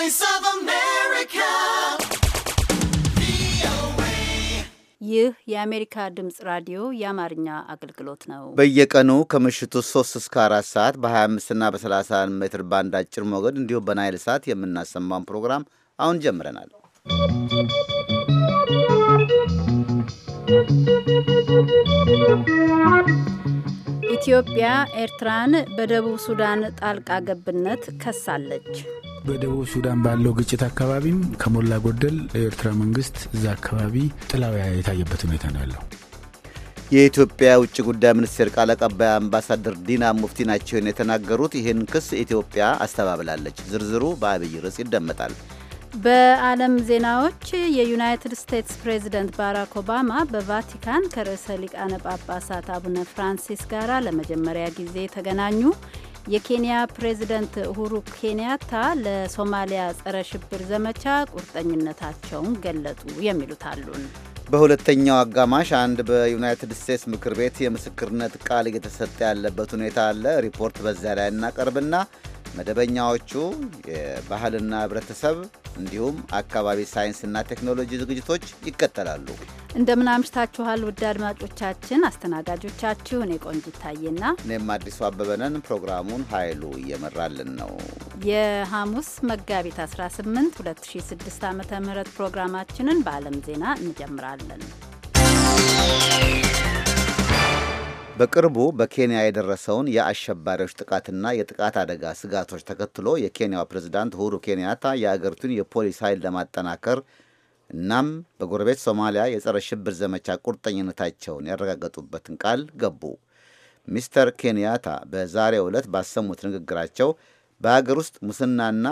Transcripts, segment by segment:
Voice of America. ይህ የአሜሪካ ድምፅ ራዲዮ የአማርኛ አገልግሎት ነው። በየቀኑ ከምሽቱ 3 እስከ 4 ሰዓት በ25ና በ 30 ሜትር ባንድ አጭር ሞገድ እንዲሁም በናይል ሰዓት የምናሰማውን ፕሮግራም አሁን ጀምረናል። ኢትዮጵያ ኤርትራን በደቡብ ሱዳን ጣልቃ ገብነት ከሳለች። በደቡብ ሱዳን ባለው ግጭት አካባቢም ከሞላ ጎደል የኤርትራ መንግስት እዛ አካባቢ ጥላው የታየበት ሁኔታ ነው ያለው። የኢትዮጵያ ውጭ ጉዳይ ሚኒስቴር ቃል አቀባይ አምባሳደር ዲና ሙፍቲ ናቸውን የተናገሩት። ይህን ክስ ኢትዮጵያ አስተባብላለች። ዝርዝሩ በአብይ ርዕስ ይደመጣል። በዓለም ዜናዎች የዩናይትድ ስቴትስ ፕሬዚደንት ባራክ ኦባማ በቫቲካን ከርዕሰ ሊቃነ ጳጳሳት አቡነ ፍራንሲስ ጋር ለመጀመሪያ ጊዜ ተገናኙ። የኬንያ ፕሬዝደንት ሁሩ ኬንያታ ለሶማሊያ ጸረ ሽብር ዘመቻ ቁርጠኝነታቸውን ገለጡ የሚሉት አሉን። በሁለተኛው አጋማሽ አንድ በዩናይትድ ስቴትስ ምክር ቤት የምስክርነት ቃል እየተሰጠ ያለበት ሁኔታ አለ። ሪፖርት በዚያ ላይ እናቀርብና መደበኛዎቹ የባህልና ህብረተሰብ እንዲሁም አካባቢ ሳይንስና ቴክኖሎጂ ዝግጅቶች ይከተላሉ። እንደምን አምሽታችኋል ውድ አድማጮቻችን። አስተናጋጆቻችሁ እኔ ቆንጅት ታዬና እኔም አዲሱ አበበነን። ፕሮግራሙን ኃይሉ እየመራልን ነው። የሐሙስ መጋቢት 18 2006 ዓ ም ፕሮግራማችንን በዓለም ዜና እንጀምራለን። በቅርቡ በኬንያ የደረሰውን የአሸባሪዎች ጥቃትና የጥቃት አደጋ ስጋቶች ተከትሎ የኬንያው ፕሬዝዳንት ሁሩ ኬንያታ የአገሪቱን የፖሊስ ኃይል ለማጠናከር እናም በጎረቤት ሶማሊያ የጸረ ሽብር ዘመቻ ቁርጠኝነታቸውን ያረጋገጡበትን ቃል ገቡ። ሚስተር ኬንያታ በዛሬው ዕለት ባሰሙት ንግግራቸው በሀገር ውስጥ ሙስናና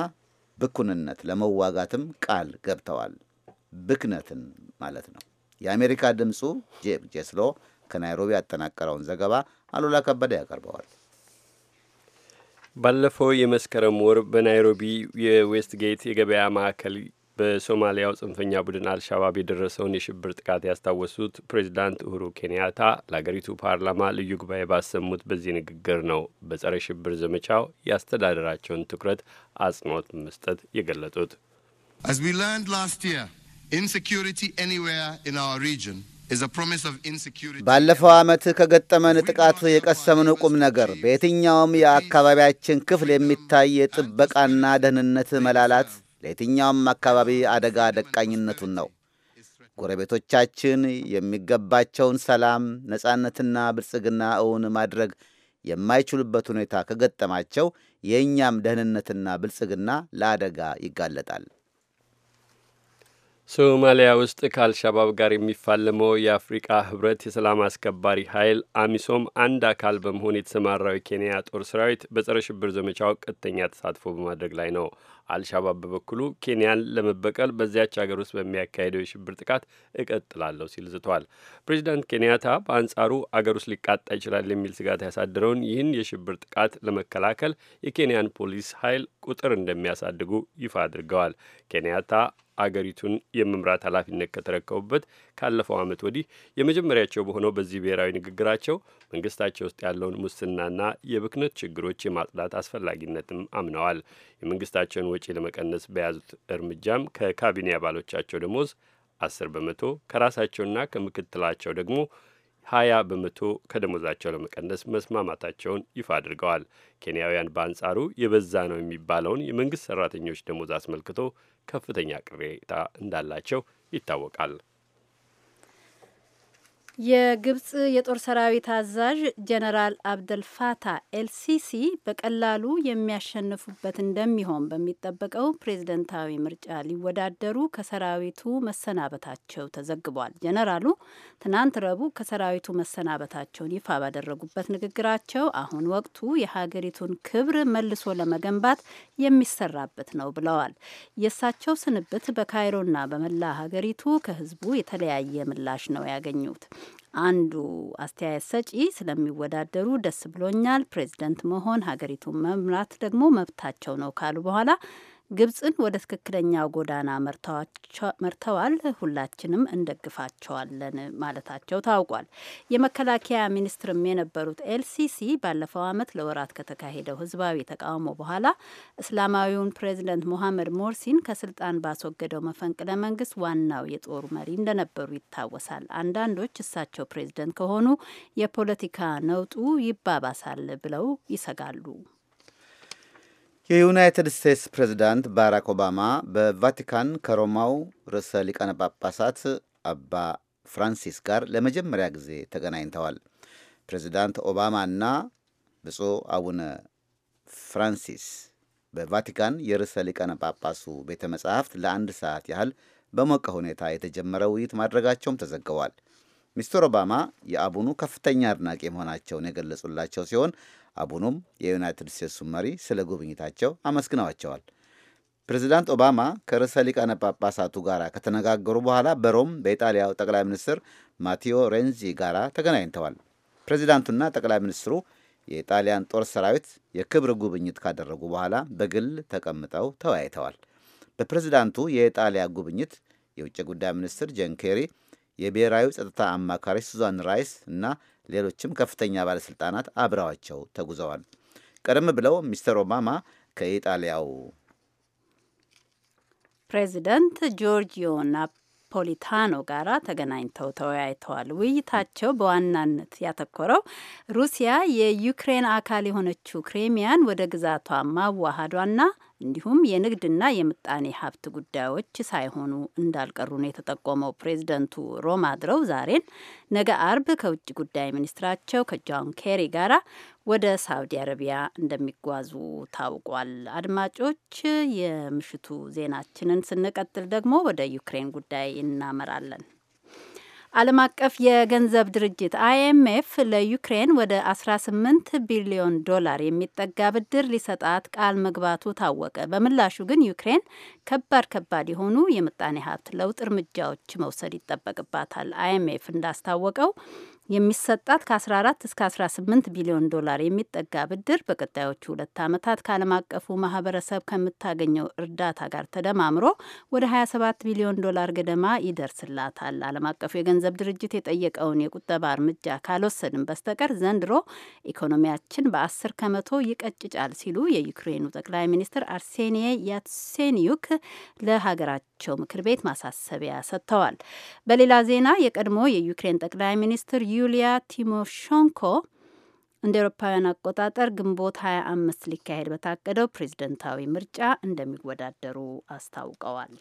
ብኩንነት ለመዋጋትም ቃል ገብተዋል። ብክነትን ማለት ነው። የአሜሪካ ድምፁ ጄብ ጄስሎ ከናይሮቢ ያጠናቀረውን ዘገባ አሉላ ከበደ ያቀርበዋል። ባለፈው የመስከረም ወር በናይሮቢ የዌስትጌት የገበያ ማዕከል በሶማሊያው ጽንፈኛ ቡድን አልሻባብ የደረሰውን የሽብር ጥቃት ያስታወሱት ፕሬዚዳንት ኡሁሩ ኬንያታ ለአገሪቱ ፓርላማ ልዩ ጉባኤ ባሰሙት በዚህ ንግግር ነው በጸረ ሽብር ዘመቻው የአስተዳደራቸውን ትኩረት አጽንኦት መስጠት የገለጡት። As we learned last year, insecurity anywhere in our region ባለፈው ዓመት ከገጠመን ጥቃት የቀሰምን ቁም ነገር በየትኛውም የአካባቢያችን ክፍል የሚታይ የጥበቃና ደህንነት መላላት ለየትኛውም አካባቢ አደጋ ደቃኝነቱን ነው። ጎረቤቶቻችን የሚገባቸውን ሰላም፣ ነጻነትና ብልጽግና እውን ማድረግ የማይችሉበት ሁኔታ ከገጠማቸው የእኛም ደህንነትና ብልጽግና ለአደጋ ይጋለጣል። ሶማሊያ ውስጥ ከአልሻባብ ጋር የሚፋለመው የአፍሪቃ ህብረት የሰላም አስከባሪ ኃይል አሚሶም አንድ አካል በመሆን የተሰማራው የኬንያ ጦር ሰራዊት በጸረ ሽብር ዘመቻው ቀጥተኛ ተሳትፎ በማድረግ ላይ ነው። አልሻባብ በበኩሉ ኬንያን ለመበቀል በዚያች ሀገር ውስጥ በሚያካሄደው የሽብር ጥቃት እቀጥላለሁ ሲል ዝቷል። ፕሬዚዳንት ኬንያታ በአንጻሩ አገር ውስጥ ሊቃጣ ይችላል የሚል ስጋት ያሳደረውን ይህን የሽብር ጥቃት ለመከላከል የኬንያን ፖሊስ ኃይል ቁጥር እንደሚያሳድጉ ይፋ አድርገዋል። ኬንያታ አገሪቱን የመምራት ኃላፊነት ከተረከቡበት ካለፈው ዓመት ወዲህ የመጀመሪያቸው በሆነው በዚህ ብሔራዊ ንግግራቸው መንግስታቸው ውስጥ ያለውን ሙስናና የብክነት ችግሮች የማጽዳት አስፈላጊነትም አምነዋል። የመንግስታቸውን ወጪ ለመቀነስ በያዙት እርምጃም ከካቢኔ አባሎቻቸው ደሞዝ አስር በመቶ ከራሳቸውና ከምክትላቸው ደግሞ ሀያ በመቶ ከደሞዛቸው ለመቀነስ መስማማታቸውን ይፋ አድርገዋል። ኬንያውያን በአንጻሩ የበዛ ነው የሚባለውን የመንግስት ሰራተኞች ደሞዝ አስመልክቶ ከፍተኛ ቅሬታ እንዳላቸው ይታወቃል። የግብጽ የጦር ሰራዊት አዛዥ ጀነራል አብደልፋታ ኤልሲሲ በቀላሉ የሚያሸንፉበት እንደሚሆን በሚጠበቀው ፕሬዝደንታዊ ምርጫ ሊወዳደሩ ከሰራዊቱ መሰናበታቸው ተዘግቧል። ጀነራሉ ትናንት ረቡዕ ከሰራዊቱ መሰናበታቸውን ይፋ ባደረጉበት ንግግራቸው አሁን ወቅቱ የሀገሪቱን ክብር መልሶ ለመገንባት የሚሰራበት ነው ብለዋል። የእሳቸው ስንብት በካይሮና በመላ ሀገሪቱ ከህዝቡ የተለያየ ምላሽ ነው ያገኙት። አንዱ አስተያየት ሰጪ ስለሚወዳደሩ ደስ ብሎኛል፣ ፕሬዚደንት መሆን ሀገሪቱን መምራት ደግሞ መብታቸው ነው ካሉ በኋላ ግብፅን ወደ ትክክለኛው ጎዳና መርተዋል፣ ሁላችንም እንደግፋቸዋለን ማለታቸው ታውቋል። የመከላከያ ሚኒስትርም የነበሩት ኤልሲሲ ባለፈው ዓመት ለወራት ከተካሄደው ህዝባዊ ተቃውሞ በኋላ እስላማዊውን ፕሬዚደንት ሞሐመድ ሞርሲን ከስልጣን ባስወገደው መፈንቅለ መንግስት ዋናው የጦሩ መሪ እንደነበሩ ይታወሳል። አንዳንዶች እሳቸው ፕሬዚደንት ከሆኑ የፖለቲካ ነውጡ ይባባሳል ብለው ይሰጋሉ። የዩናይትድ ስቴትስ ፕሬዝዳንት ባራክ ኦባማ በቫቲካን ከሮማው ርዕሰ ሊቃነ ጳጳሳት አባ ፍራንሲስ ጋር ለመጀመሪያ ጊዜ ተገናኝተዋል። ፕሬዝዳንት ኦባማና ብፁዕ አቡነ ፍራንሲስ በቫቲካን የርዕሰ ሊቃነ ጳጳሱ ቤተ መጻሕፍት ለአንድ ሰዓት ያህል በሞቀ ሁኔታ የተጀመረ ውይይት ማድረጋቸውም ተዘግቧል። ሚስተር ኦባማ የአቡኑ ከፍተኛ አድናቂ መሆናቸውን የገለጹላቸው ሲሆን አቡኑም የዩናይትድ ስቴትሱ መሪ ስለ ጉብኝታቸው አመስግነዋቸዋል። ፕሬዚዳንት ኦባማ ከርዕሰ ሊቃነ ጳጳሳቱ ጋር ከተነጋገሩ በኋላ በሮም በኢጣሊያው ጠቅላይ ሚኒስትር ማቴዎ ሬንዚ ጋር ተገናኝተዋል። ፕሬዚዳንቱና ጠቅላይ ሚኒስትሩ የኢጣሊያን ጦር ሰራዊት የክብር ጉብኝት ካደረጉ በኋላ በግል ተቀምጠው ተወያይተዋል። በፕሬዚዳንቱ የኢጣሊያ ጉብኝት የውጭ ጉዳይ ሚኒስትር ጆን ኬሪ የብሔራዊ ጸጥታ አማካሪ ሱዛን ራይስ እና ሌሎችም ከፍተኛ ባለሥልጣናት አብረዋቸው ተጉዘዋል። ቀደም ብለው ሚስተር ኦባማ ከኢጣሊያው ፕሬዚደንት ጆርጂዮ ናፖሊታኖ ጋር ተገናኝተው ተወያይተዋል። ውይይታቸው በዋናነት ያተኮረው ሩሲያ የዩክሬን አካል የሆነችው ክሬሚያን ወደ ግዛቷ ማዋሃዷና እንዲሁም የንግድና የምጣኔ ሀብት ጉዳዮች ሳይሆኑ እንዳልቀሩ ነው የተጠቆመው። ፕሬዚደንቱ ሮም አድረው ዛሬን ነገ አርብ ከውጭ ጉዳይ ሚኒስትራቸው ከጆን ኬሪ ጋር ወደ ሳውዲ አረቢያ እንደሚጓዙ ታውቋል። አድማጮች፣ የምሽቱ ዜናችንን ስንቀጥል ደግሞ ወደ ዩክሬን ጉዳይ እናመራለን። ዓለም አቀፍ የገንዘብ ድርጅት አይኤምኤፍ ለዩክሬን ወደ 18 ቢሊዮን ዶላር የሚጠጋ ብድር ሊሰጣት ቃል መግባቱ ታወቀ። በምላሹ ግን ዩክሬን ከባድ ከባድ የሆኑ የምጣኔ ሀብት ለውጥ እርምጃዎች መውሰድ ይጠበቅባታል። አይኤምኤፍ እንዳስታወቀው የሚሰጣት ከ14 እስከ 18 ቢሊዮን ዶላር የሚጠጋ ብድር በቀጣዮቹ ሁለት ዓመታት ከዓለም አቀፉ ማህበረሰብ ከምታገኘው እርዳታ ጋር ተደማምሮ ወደ 27 ቢሊዮን ዶላር ገደማ ይደርስላታል። ዓለም አቀፉ የገንዘብ ድርጅት የጠየቀውን የቁጠባ እርምጃ ካልወሰድን በስተቀር ዘንድሮ ኢኮኖሚያችን በ10 ከመቶ ይቀጭጫል ሲሉ የዩክሬኑ ጠቅላይ ሚኒስትር አርሴኒ ያትሴኒዩክ ለሀገራቸው ምክር ቤት ማሳሰቢያ ሰጥተዋል። በሌላ ዜና የቀድሞ የዩክሬን ጠቅላይ ሚኒስትር ዩሊያ ቲሞሾንኮ እንደ ኤሮፓውያን አቆጣጠር ግንቦት 25 ሊካሄድ በታቀደው ፕሬዝደንታዊ ምርጫ እንደሚወዳደሩ አስታውቀዋል።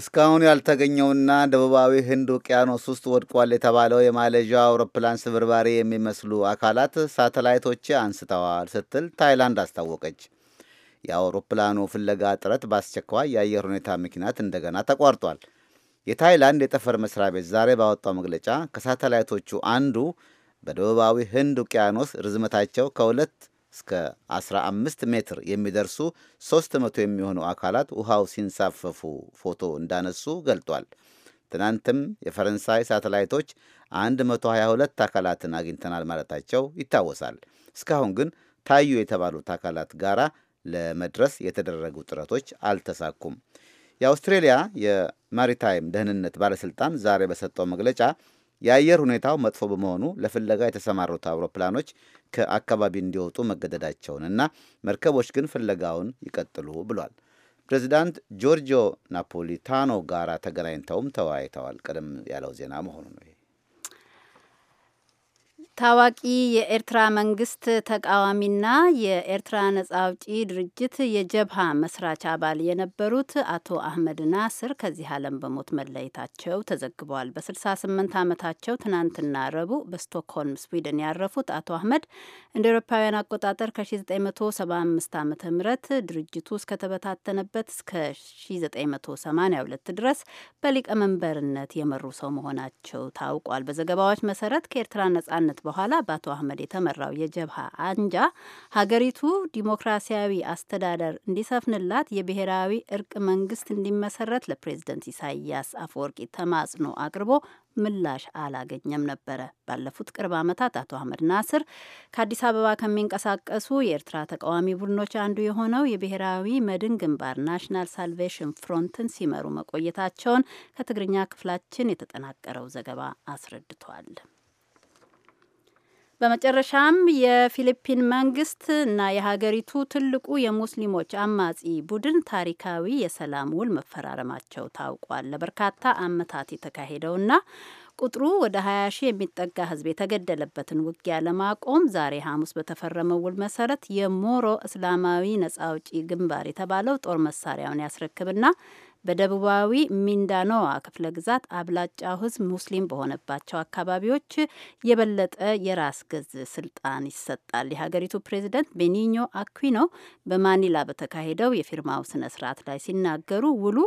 እስካሁን ያልተገኘውና ደቡባዊ ህንድ ውቅያኖስ ውስጥ ወድቋል የተባለው የማሌዥያ አውሮፕላን ስብርባሪ የሚመስሉ አካላት ሳተላይቶች አንስተዋል ስትል ታይላንድ አስታወቀች። የአውሮፕላኑ ፍለጋ ጥረት በአስቸኳይ የአየር ሁኔታ ምክንያት እንደገና ተቋርጧል። የታይላንድ የጠፈር መስሪያ ቤት ዛሬ ባወጣው መግለጫ ከሳተላይቶቹ አንዱ በደቡባዊ ህንድ ውቅያኖስ ርዝመታቸው ከሁለት እስከ 15 ሜትር የሚደርሱ 300 የሚሆኑ አካላት ውሃው ሲንሳፈፉ ፎቶ እንዳነሱ ገልጧል። ትናንትም የፈረንሳይ ሳተላይቶች 122 አካላትን አግኝተናል ማለታቸው ይታወሳል። እስካሁን ግን ታዩ የተባሉት አካላት ጋራ ለመድረስ የተደረጉ ጥረቶች አልተሳኩም። የአውስትሬሊያ የማሪታይም ደህንነት ባለስልጣን ዛሬ በሰጠው መግለጫ የአየር ሁኔታው መጥፎ በመሆኑ ለፍለጋ የተሰማሩት አውሮፕላኖች ከአካባቢ እንዲወጡ መገደዳቸውንና መርከቦች ግን ፍለጋውን ይቀጥሉ ብሏል። ፕሬዚዳንት ጆርጂዮ ናፖሊታኖ ጋራ ተገናኝተውም ተወያይተዋል። ቀደም ያለው ዜና መሆኑ ነው። ታዋቂ የኤርትራ መንግስት ተቃዋሚና የኤርትራ ነጻ አውጪ ድርጅት የጀብሃ መስራች አባል የነበሩት አቶ አህመድ ናስር ከዚህ ዓለም በሞት መለየታቸው ተዘግበዋል። በ68 ዓመታቸው ትናንትና ረቡዕ በስቶክሆልም ስዊድን ያረፉት አቶ አህመድ እንደ ኤሮፓውያን አቆጣጠር ከ1975 ዓ ም ድርጅቱ እስከተበታተነበት እስከ 1982 ድረስ በሊቀመንበርነት የመሩ ሰው መሆናቸው ታውቋል። በዘገባዎች መሰረት ከኤርትራ ነጻነት በኋላ በአቶ አህመድ የተመራው የጀብሃ አንጃ ሀገሪቱ ዲሞክራሲያዊ አስተዳደር እንዲሰፍንላት የብሔራዊ እርቅ መንግስት እንዲመሰረት ለፕሬዝደንት ኢሳያስ አፈወርቂ ተማጽኖ አቅርቦ ምላሽ አላገኘም ነበረ። ባለፉት ቅርብ ዓመታት አቶ አህመድ ናስር ከአዲስ አበባ ከሚንቀሳቀሱ የኤርትራ ተቃዋሚ ቡድኖች አንዱ የሆነው የብሔራዊ መድን ግንባር ናሽናል ሳልቬሽን ፍሮንትን ሲመሩ መቆየታቸውን ከትግርኛ ክፍላችን የተጠናቀረው ዘገባ አስረድቷል። በመጨረሻም የፊሊፒን መንግስት እና የሀገሪቱ ትልቁ የሙስሊሞች አማጺ ቡድን ታሪካዊ የሰላም ውል መፈራረማቸው ታውቋል። ለበርካታ ዓመታት የተካሄደውና ቁጥሩ ወደ 20 ሺህ የሚጠጋ ህዝብ የተገደለበትን ውጊያ ለማቆም ዛሬ ሐሙስ በተፈረመው ውል መሰረት የሞሮ እስላማዊ ነጻ አውጪ ግንባር የተባለው ጦር መሳሪያውን ያስረክብና በደቡባዊ ሚንዳኖዋ ክፍለ ግዛት አብላጫው ሕዝብ ሙስሊም በሆነባቸው አካባቢዎች የበለጠ የራስ ገዝ ስልጣን ይሰጣል። የሀገሪቱ ፕሬዚደንት ቤኒኞ አኩዊኖ በማኒላ በተካሄደው የፊርማው ስነ ስርዓት ላይ ሲናገሩ ውሉ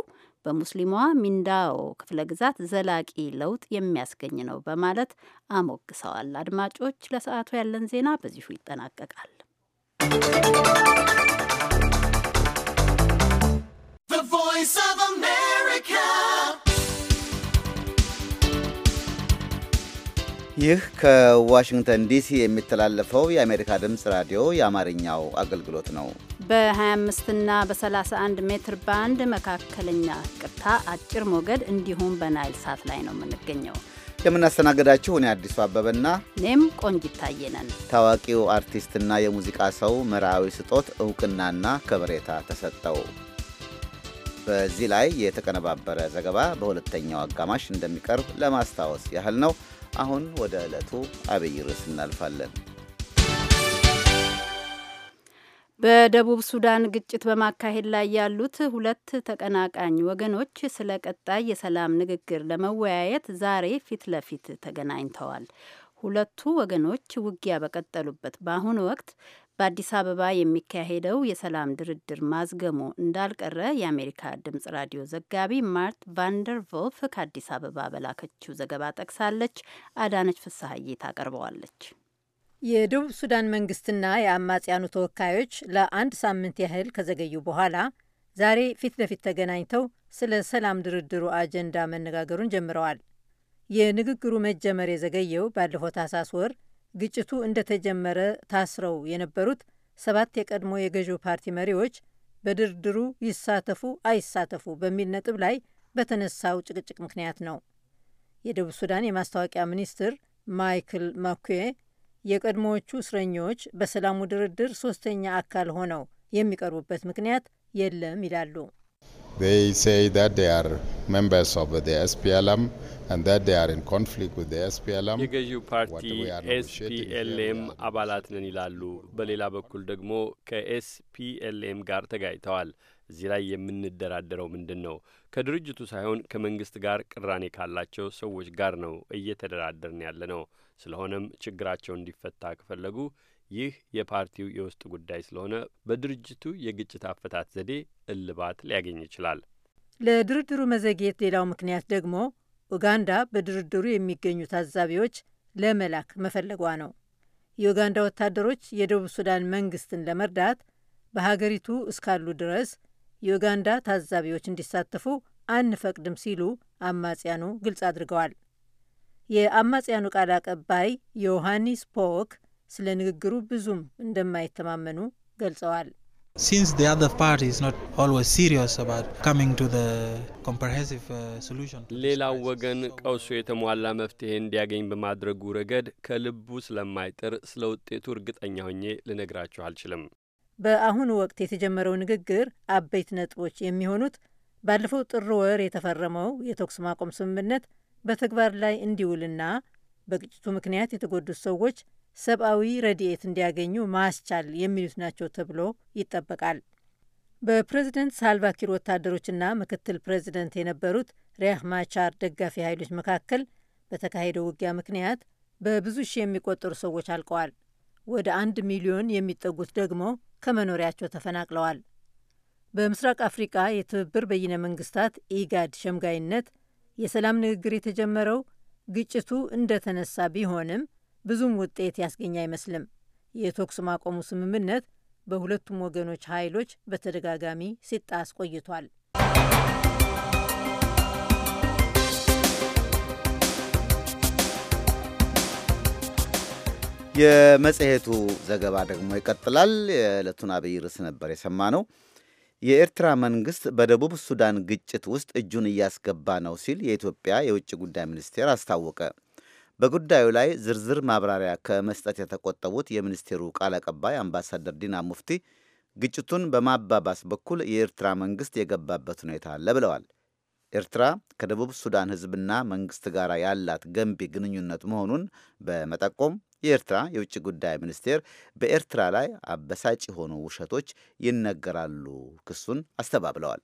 በሙስሊሟ ሚንዳኦ ክፍለ ግዛት ዘላቂ ለውጥ የሚያስገኝ ነው በማለት አሞግሰዋል። አድማጮች፣ ለሰዓቱ ያለን ዜና በዚሁ ይጠናቀቃል። voice of America. ይህ ከዋሽንግተን ዲሲ የሚተላለፈው የአሜሪካ ድምፅ ራዲዮ የአማርኛው አገልግሎት ነው። በ25 እና በ31 ሜትር ባንድ መካከለኛ ቅርታ አጭር ሞገድ እንዲሁም በናይል ሳት ላይ ነው የምንገኘው። የምናስተናግዳችሁ እኔ አዲሱ አበበና እኔም ቆንጅ ይታየነን ታዋቂው አርቲስትና የሙዚቃ ሰው መርአዊ ስጦት እውቅናና ከበሬታ ተሰጠው። በዚህ ላይ የተቀነባበረ ዘገባ በሁለተኛው አጋማሽ እንደሚቀርብ ለማስታወስ ያህል ነው። አሁን ወደ ዕለቱ አብይ ርዕስ እናልፋለን። በደቡብ ሱዳን ግጭት በማካሄድ ላይ ያሉት ሁለት ተቀናቃኝ ወገኖች ስለ ቀጣይ የሰላም ንግግር ለመወያየት ዛሬ ፊት ለፊት ተገናኝተዋል። ሁለቱ ወገኖች ውጊያ በቀጠሉበት በአሁኑ ወቅት በአዲስ አበባ የሚካሄደው የሰላም ድርድር ማዝገሙ እንዳልቀረ የአሜሪካ ድምጽ ራዲዮ ዘጋቢ ማርት ቫንደር ከአዲስ አበባ በላከችው ዘገባ ጠቅሳለች። አዳነች ፍስሐዬ ታቀርበዋለች። የደቡብ ሱዳን መንግስትና የአማጽያኑ ተወካዮች ለአንድ ሳምንት ያህል ከዘገዩ በኋላ ዛሬ ፊት ለፊት ተገናኝተው ስለ ሰላም ድርድሩ አጀንዳ መነጋገሩን ጀምረዋል። የንግግሩ መጀመር የዘገየው ባለፈው ታህሳስ ወር ግጭቱ እንደተጀመረ ታስረው የነበሩት ሰባት የቀድሞ የገዢው ፓርቲ መሪዎች በድርድሩ ይሳተፉ አይሳተፉ በሚል ነጥብ ላይ በተነሳው ጭቅጭቅ ምክንያት ነው። የደቡብ ሱዳን የማስታወቂያ ሚኒስትር ማይክል ማኩዌ የቀድሞዎቹ እስረኞች በሰላሙ ድርድር ሶስተኛ አካል ሆነው የሚቀርቡበት ምክንያት የለም ይላሉ። የገዢው ፓርቲ ኤስፒኤልኤም አባላት ነን ይላሉ። በሌላ በኩል ደግሞ ከኤስፒኤልኤም ጋር ተጋጭተዋል። እዚህ ላይ የምንደራደረው ምንድን ነው? ከድርጅቱ ሳይሆን ከመንግስት ጋር ቅራኔ ካላቸው ሰዎች ጋር ነው እየተደራደርን ያለ ነው። ስለሆነም ችግራቸው እንዲፈታ ከፈለጉ ይህ የፓርቲው የውስጥ ጉዳይ ስለሆነ በድርጅቱ የግጭት አፈታት ዘዴ እልባት ሊያገኝ ይችላል። ለድርድሩ መዘግየት ሌላው ምክንያት ደግሞ ኡጋንዳ በድርድሩ የሚገኙ ታዛቢዎች ለመላክ መፈለጓ ነው። የኡጋንዳ ወታደሮች የደቡብ ሱዳን መንግስትን ለመርዳት በሀገሪቱ እስካሉ ድረስ የኡጋንዳ ታዛቢዎች እንዲሳተፉ አንፈቅድም ሲሉ አማጽያኑ ግልጽ አድርገዋል። የአማጽያኑ ቃል አቀባይ ዮሐኒስ ፖክ ስለ ንግግሩ ብዙም እንደማይተማመኑ ገልጸዋል። Since the other party is not always serious about coming to the comprehensive uh, solution. ሌላው ወገን ቀውሱ የተሟላ መፍትሄ እንዲያገኝ በማድረጉ ረገድ ከልቡ ስለማይጥር ስለ ውጤቱ እርግጠኛ ሆኜ ልነግራችሁ አልችልም። በአሁኑ ወቅት የተጀመረው ንግግር አበይት ነጥቦች የሚሆኑት ባለፈው ጥር ወር የተፈረመው የተኩስ ማቆም ስምምነት በተግባር ላይ እንዲውልና በግጭቱ ምክንያት የተጎዱት ሰዎች ሰብአዊ ረድኤት እንዲያገኙ ማስቻል የሚሉት ናቸው ተብሎ ይጠበቃል። በፕሬዝደንት ሳልቫኪር ወታደሮችና ምክትል ፕሬዝደንት የነበሩት ሪያህ ማቻር ደጋፊ ኃይሎች መካከል በተካሄደው ውጊያ ምክንያት በብዙ ሺህ የሚቆጠሩ ሰዎች አልቀዋል። ወደ አንድ ሚሊዮን የሚጠጉት ደግሞ ከመኖሪያቸው ተፈናቅለዋል። በምስራቅ አፍሪቃ የትብብር በይነ መንግስታት ኢጋድ ሸምጋይነት የሰላም ንግግር የተጀመረው ግጭቱ እንደተነሳ ቢሆንም ብዙም ውጤት ያስገኝ አይመስልም። የተኩስ ማቆሙ ስምምነት በሁለቱም ወገኖች ኃይሎች በተደጋጋሚ ሲጣስ ቆይቷል። የመጽሔቱ ዘገባ ደግሞ ይቀጥላል። የዕለቱን አብይ ርዕስ ነበር የሰማ ነው። የኤርትራ መንግስት በደቡብ ሱዳን ግጭት ውስጥ እጁን እያስገባ ነው ሲል የኢትዮጵያ የውጭ ጉዳይ ሚኒስቴር አስታወቀ። በጉዳዩ ላይ ዝርዝር ማብራሪያ ከመስጠት የተቆጠቡት የሚኒስቴሩ ቃል አቀባይ አምባሳደር ዲና ሙፍቲ ግጭቱን በማባባስ በኩል የኤርትራ መንግስት የገባበት ሁኔታ አለ ብለዋል። ኤርትራ ከደቡብ ሱዳን ህዝብና መንግስት ጋር ያላት ገንቢ ግንኙነት መሆኑን በመጠቆም የኤርትራ የውጭ ጉዳይ ሚኒስቴር በኤርትራ ላይ አበሳጭ የሆኑ ውሸቶች ይነገራሉ ክሱን አስተባብለዋል።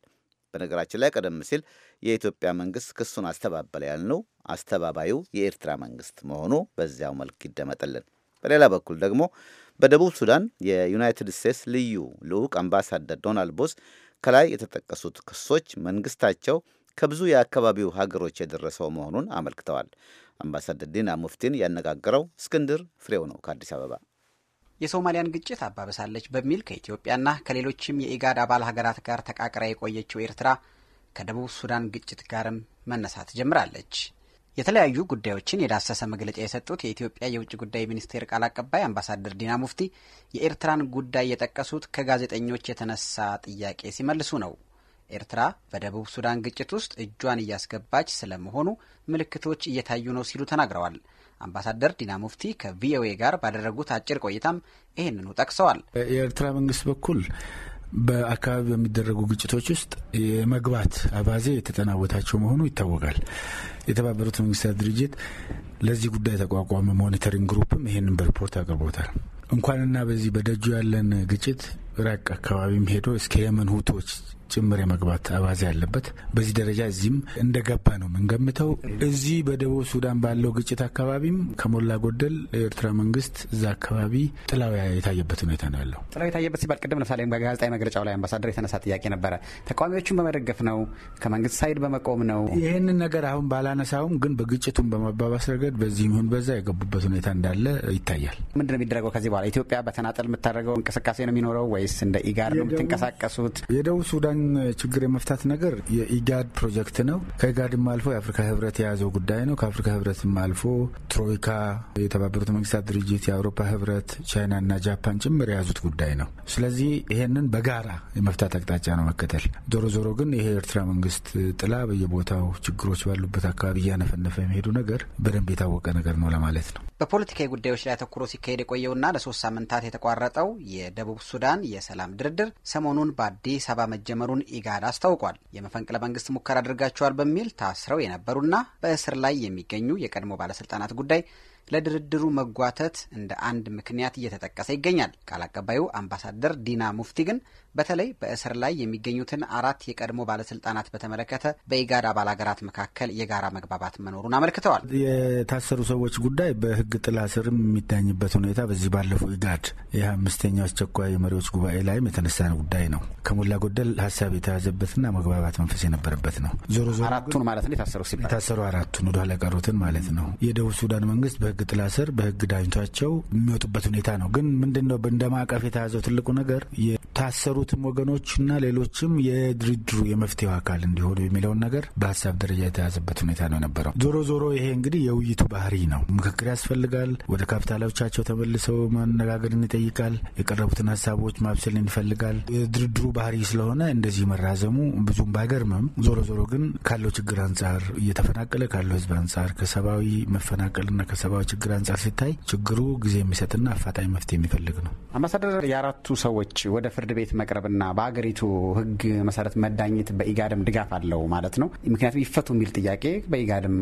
በነገራችን ላይ ቀደም ሲል የኢትዮጵያ መንግስት ክሱን አስተባበለ ያልነው አስተባባዩ የኤርትራ መንግስት መሆኑ በዚያው መልክ ይደመጥልን። በሌላ በኩል ደግሞ በደቡብ ሱዳን የዩናይትድ ስቴትስ ልዩ ልዑክ አምባሳደር ዶናልድ ቦስ ከላይ የተጠቀሱት ክሶች መንግስታቸው ከብዙ የአካባቢው ሀገሮች የደረሰው መሆኑን አመልክተዋል። አምባሳደር ዲና ሙፍቲን ያነጋገረው እስክንድር ፍሬው ነው ከአዲስ አበባ። የሶማሊያን ግጭት አባበሳለች በሚል ከኢትዮጵያና ከሌሎችም የኢጋድ አባል ሀገራት ጋር ተቃቅራ የቆየችው ኤርትራ ከደቡብ ሱዳን ግጭት ጋርም መነሳት ጀምራለች። የተለያዩ ጉዳዮችን የዳሰሰ መግለጫ የሰጡት የኢትዮጵያ የውጭ ጉዳይ ሚኒስቴር ቃል አቀባይ አምባሳደር ዲና ሙፍቲ የኤርትራን ጉዳይ የጠቀሱት ከጋዜጠኞች የተነሳ ጥያቄ ሲመልሱ ነው። ኤርትራ በደቡብ ሱዳን ግጭት ውስጥ እጇን እያስገባች ስለመሆኑ ምልክቶች እየታዩ ነው ሲሉ ተናግረዋል። አምባሳደር ዲና ሙፍቲ ከቪኦኤ ጋር ባደረጉት አጭር ቆይታም ይህንኑ ጠቅሰዋል። የኤርትራ መንግስት በኩል በአካባቢ በሚደረጉ ግጭቶች ውስጥ የመግባት አባዜ የተጠናወታቸው መሆኑ ይታወቃል። የተባበሩት መንግስታት ድርጅት ለዚህ ጉዳይ ተቋቋመ ሞኒተሪንግ ግሩፕም ይህንን በሪፖርት አቅርቦታል። እንኳንና በዚህ በደጁ ያለን ግጭት ራቅ አካባቢም ሄዶ እስከ የመን ሁቶች ጭምር የመግባት አባዜ ያለበት በዚህ ደረጃ እዚህም እንደገባ ነው የምንገምተው። እዚህ በደቡብ ሱዳን ባለው ግጭት አካባቢም ከሞላ ጎደል የኤርትራ መንግስት እዛ አካባቢ ጥላው የታየበት ሁኔታ ነው ያለው። ጥላው የታየበት ሲባል ቅድም ለምሳሌ በጋዜጣዊ መግለጫው ላይ አምባሳደር የተነሳ ጥያቄ ነበረ። ተቃዋሚዎቹን በመደገፍ ነው፣ ከመንግስት ሳይድ በመቆም ነው። ይህንን ነገር አሁን ባላነሳውም ግን በግጭቱን በማባባስ ረገድ በዚህም ይሁን በዛ የገቡበት ሁኔታ እንዳለ ይታያል። ምንድን ነው የሚደረገው ከዚህ በኋላ ኢትዮጵያ በተናጠል የምታደርገው እንቅስቃሴ ነው የሚኖረው ወይስ እንደ ኢጋድ ነው የምትንቀሳቀሱት? የደቡብ ሱዳን የኢትዮጵያን ችግር የመፍታት ነገር የኢጋድ ፕሮጀክት ነው። ከኢጋድም አልፎ የአፍሪካ ህብረት የያዘው ጉዳይ ነው። ከአፍሪካ ህብረትም አልፎ ትሮይካ፣ የተባበሩት መንግስታት ድርጅት፣ የአውሮፓ ህብረት፣ ቻይናና ጃፓን ጭምር የያዙት ጉዳይ ነው። ስለዚህ ይሄንን በጋራ የመፍታት አቅጣጫ ነው መከተል። ዞሮ ዞሮ ግን ይሄ የኤርትራ መንግስት ጥላ በየቦታው ችግሮች ባሉበት አካባቢ እያነፈነፈ የሚሄዱ ነገር በደንብ የታወቀ ነገር ነው ለማለት ነው። በፖለቲካዊ ጉዳዮች ላይ አተኩሮ ሲካሄድ የቆየውና ለሶስት ሳምንታት የተቋረጠው የደቡብ ሱዳን የሰላም ድርድር ሰሞኑን በአዲስ አበባ መጀመሩ መኖሩን ኢጋድ አስታውቋል። የመፈንቅለ መንግስት ሙከራ አድርጋቸዋል በሚል ታስረው የነበሩና በእስር ላይ የሚገኙ የቀድሞ ባለስልጣናት ጉዳይ ለድርድሩ መጓተት እንደ አንድ ምክንያት እየተጠቀሰ ይገኛል። ቃል አቀባዩ አምባሳደር ዲና ሙፍቲ ግን በተለይ በእስር ላይ የሚገኙትን አራት የቀድሞ ባለስልጣናት በተመለከተ በኢጋድ አባል ሀገራት መካከል የጋራ መግባባት መኖሩን አመልክተዋል። የታሰሩ ሰዎች ጉዳይ በህግ ጥላ ስርም የሚዳኝበት ሁኔታ በዚህ ባለፈው ኢጋድ የአምስተኛው አስቸኳይ የመሪዎች ጉባኤ ላይም የተነሳ ጉዳይ ነው። ከሞላ ጎደል ሀሳብ የተያዘበትና መግባባት መንፈስ የነበረበት ነው። ዞሮ ዞሮ አራቱን ማለት ነው የታሰሩ ሲባል የታሰሩ አራቱን ወደኋላ ቀሩትን ማለት ነው። የደቡብ ሱዳን መንግስት በህግ ጥላ ስር በህግ ዳኝቷቸው የሚወጡበት ሁኔታ ነው። ግን ምንድን ነው እንደ ማዕቀፍ የተያዘው ትልቁ ነገር የታሰሩ የነበሩትም ወገኖችና ሌሎችም የድርድሩ የመፍትሄው አካል እንዲሆኑ የሚለውን ነገር በሀሳብ ደረጃ የተያዘበት ሁኔታ ነው የነበረው። ዞሮ ዞሮ ይሄ እንግዲህ የውይይቱ ባህሪ ነው። ምክክር ያስፈልጋል። ወደ ካፒታሎቻቸው ተመልሰው መነጋገርን ይጠይቃል። የቀረቡትን ሀሳቦች ማብሰልን ይፈልጋል። የድርድሩ ባህሪ ስለሆነ እንደዚህ መራዘሙ ብዙም ባይገርምም፣ ዞሮ ዞሮ ግን ካለው ችግር አንጻር እየተፈናቀለ ካለው ህዝብ አንጻር ከሰብአዊ መፈናቀልና ከሰብአዊ ችግር አንጻር ሲታይ ችግሩ ጊዜ የሚሰጥና አፋጣኝ መፍትሄ የሚፈልግ ነው። አምባሳደር የአራቱ ሰዎች ወደ ፍርድ ቤት ማቅረብና በሀገሪቱ ሕግ መሰረት መዳኘት በኢጋድም ድጋፍ አለው ማለት ነው። ምክንያቱም ይፈቱ የሚል ጥያቄ በኢጋድም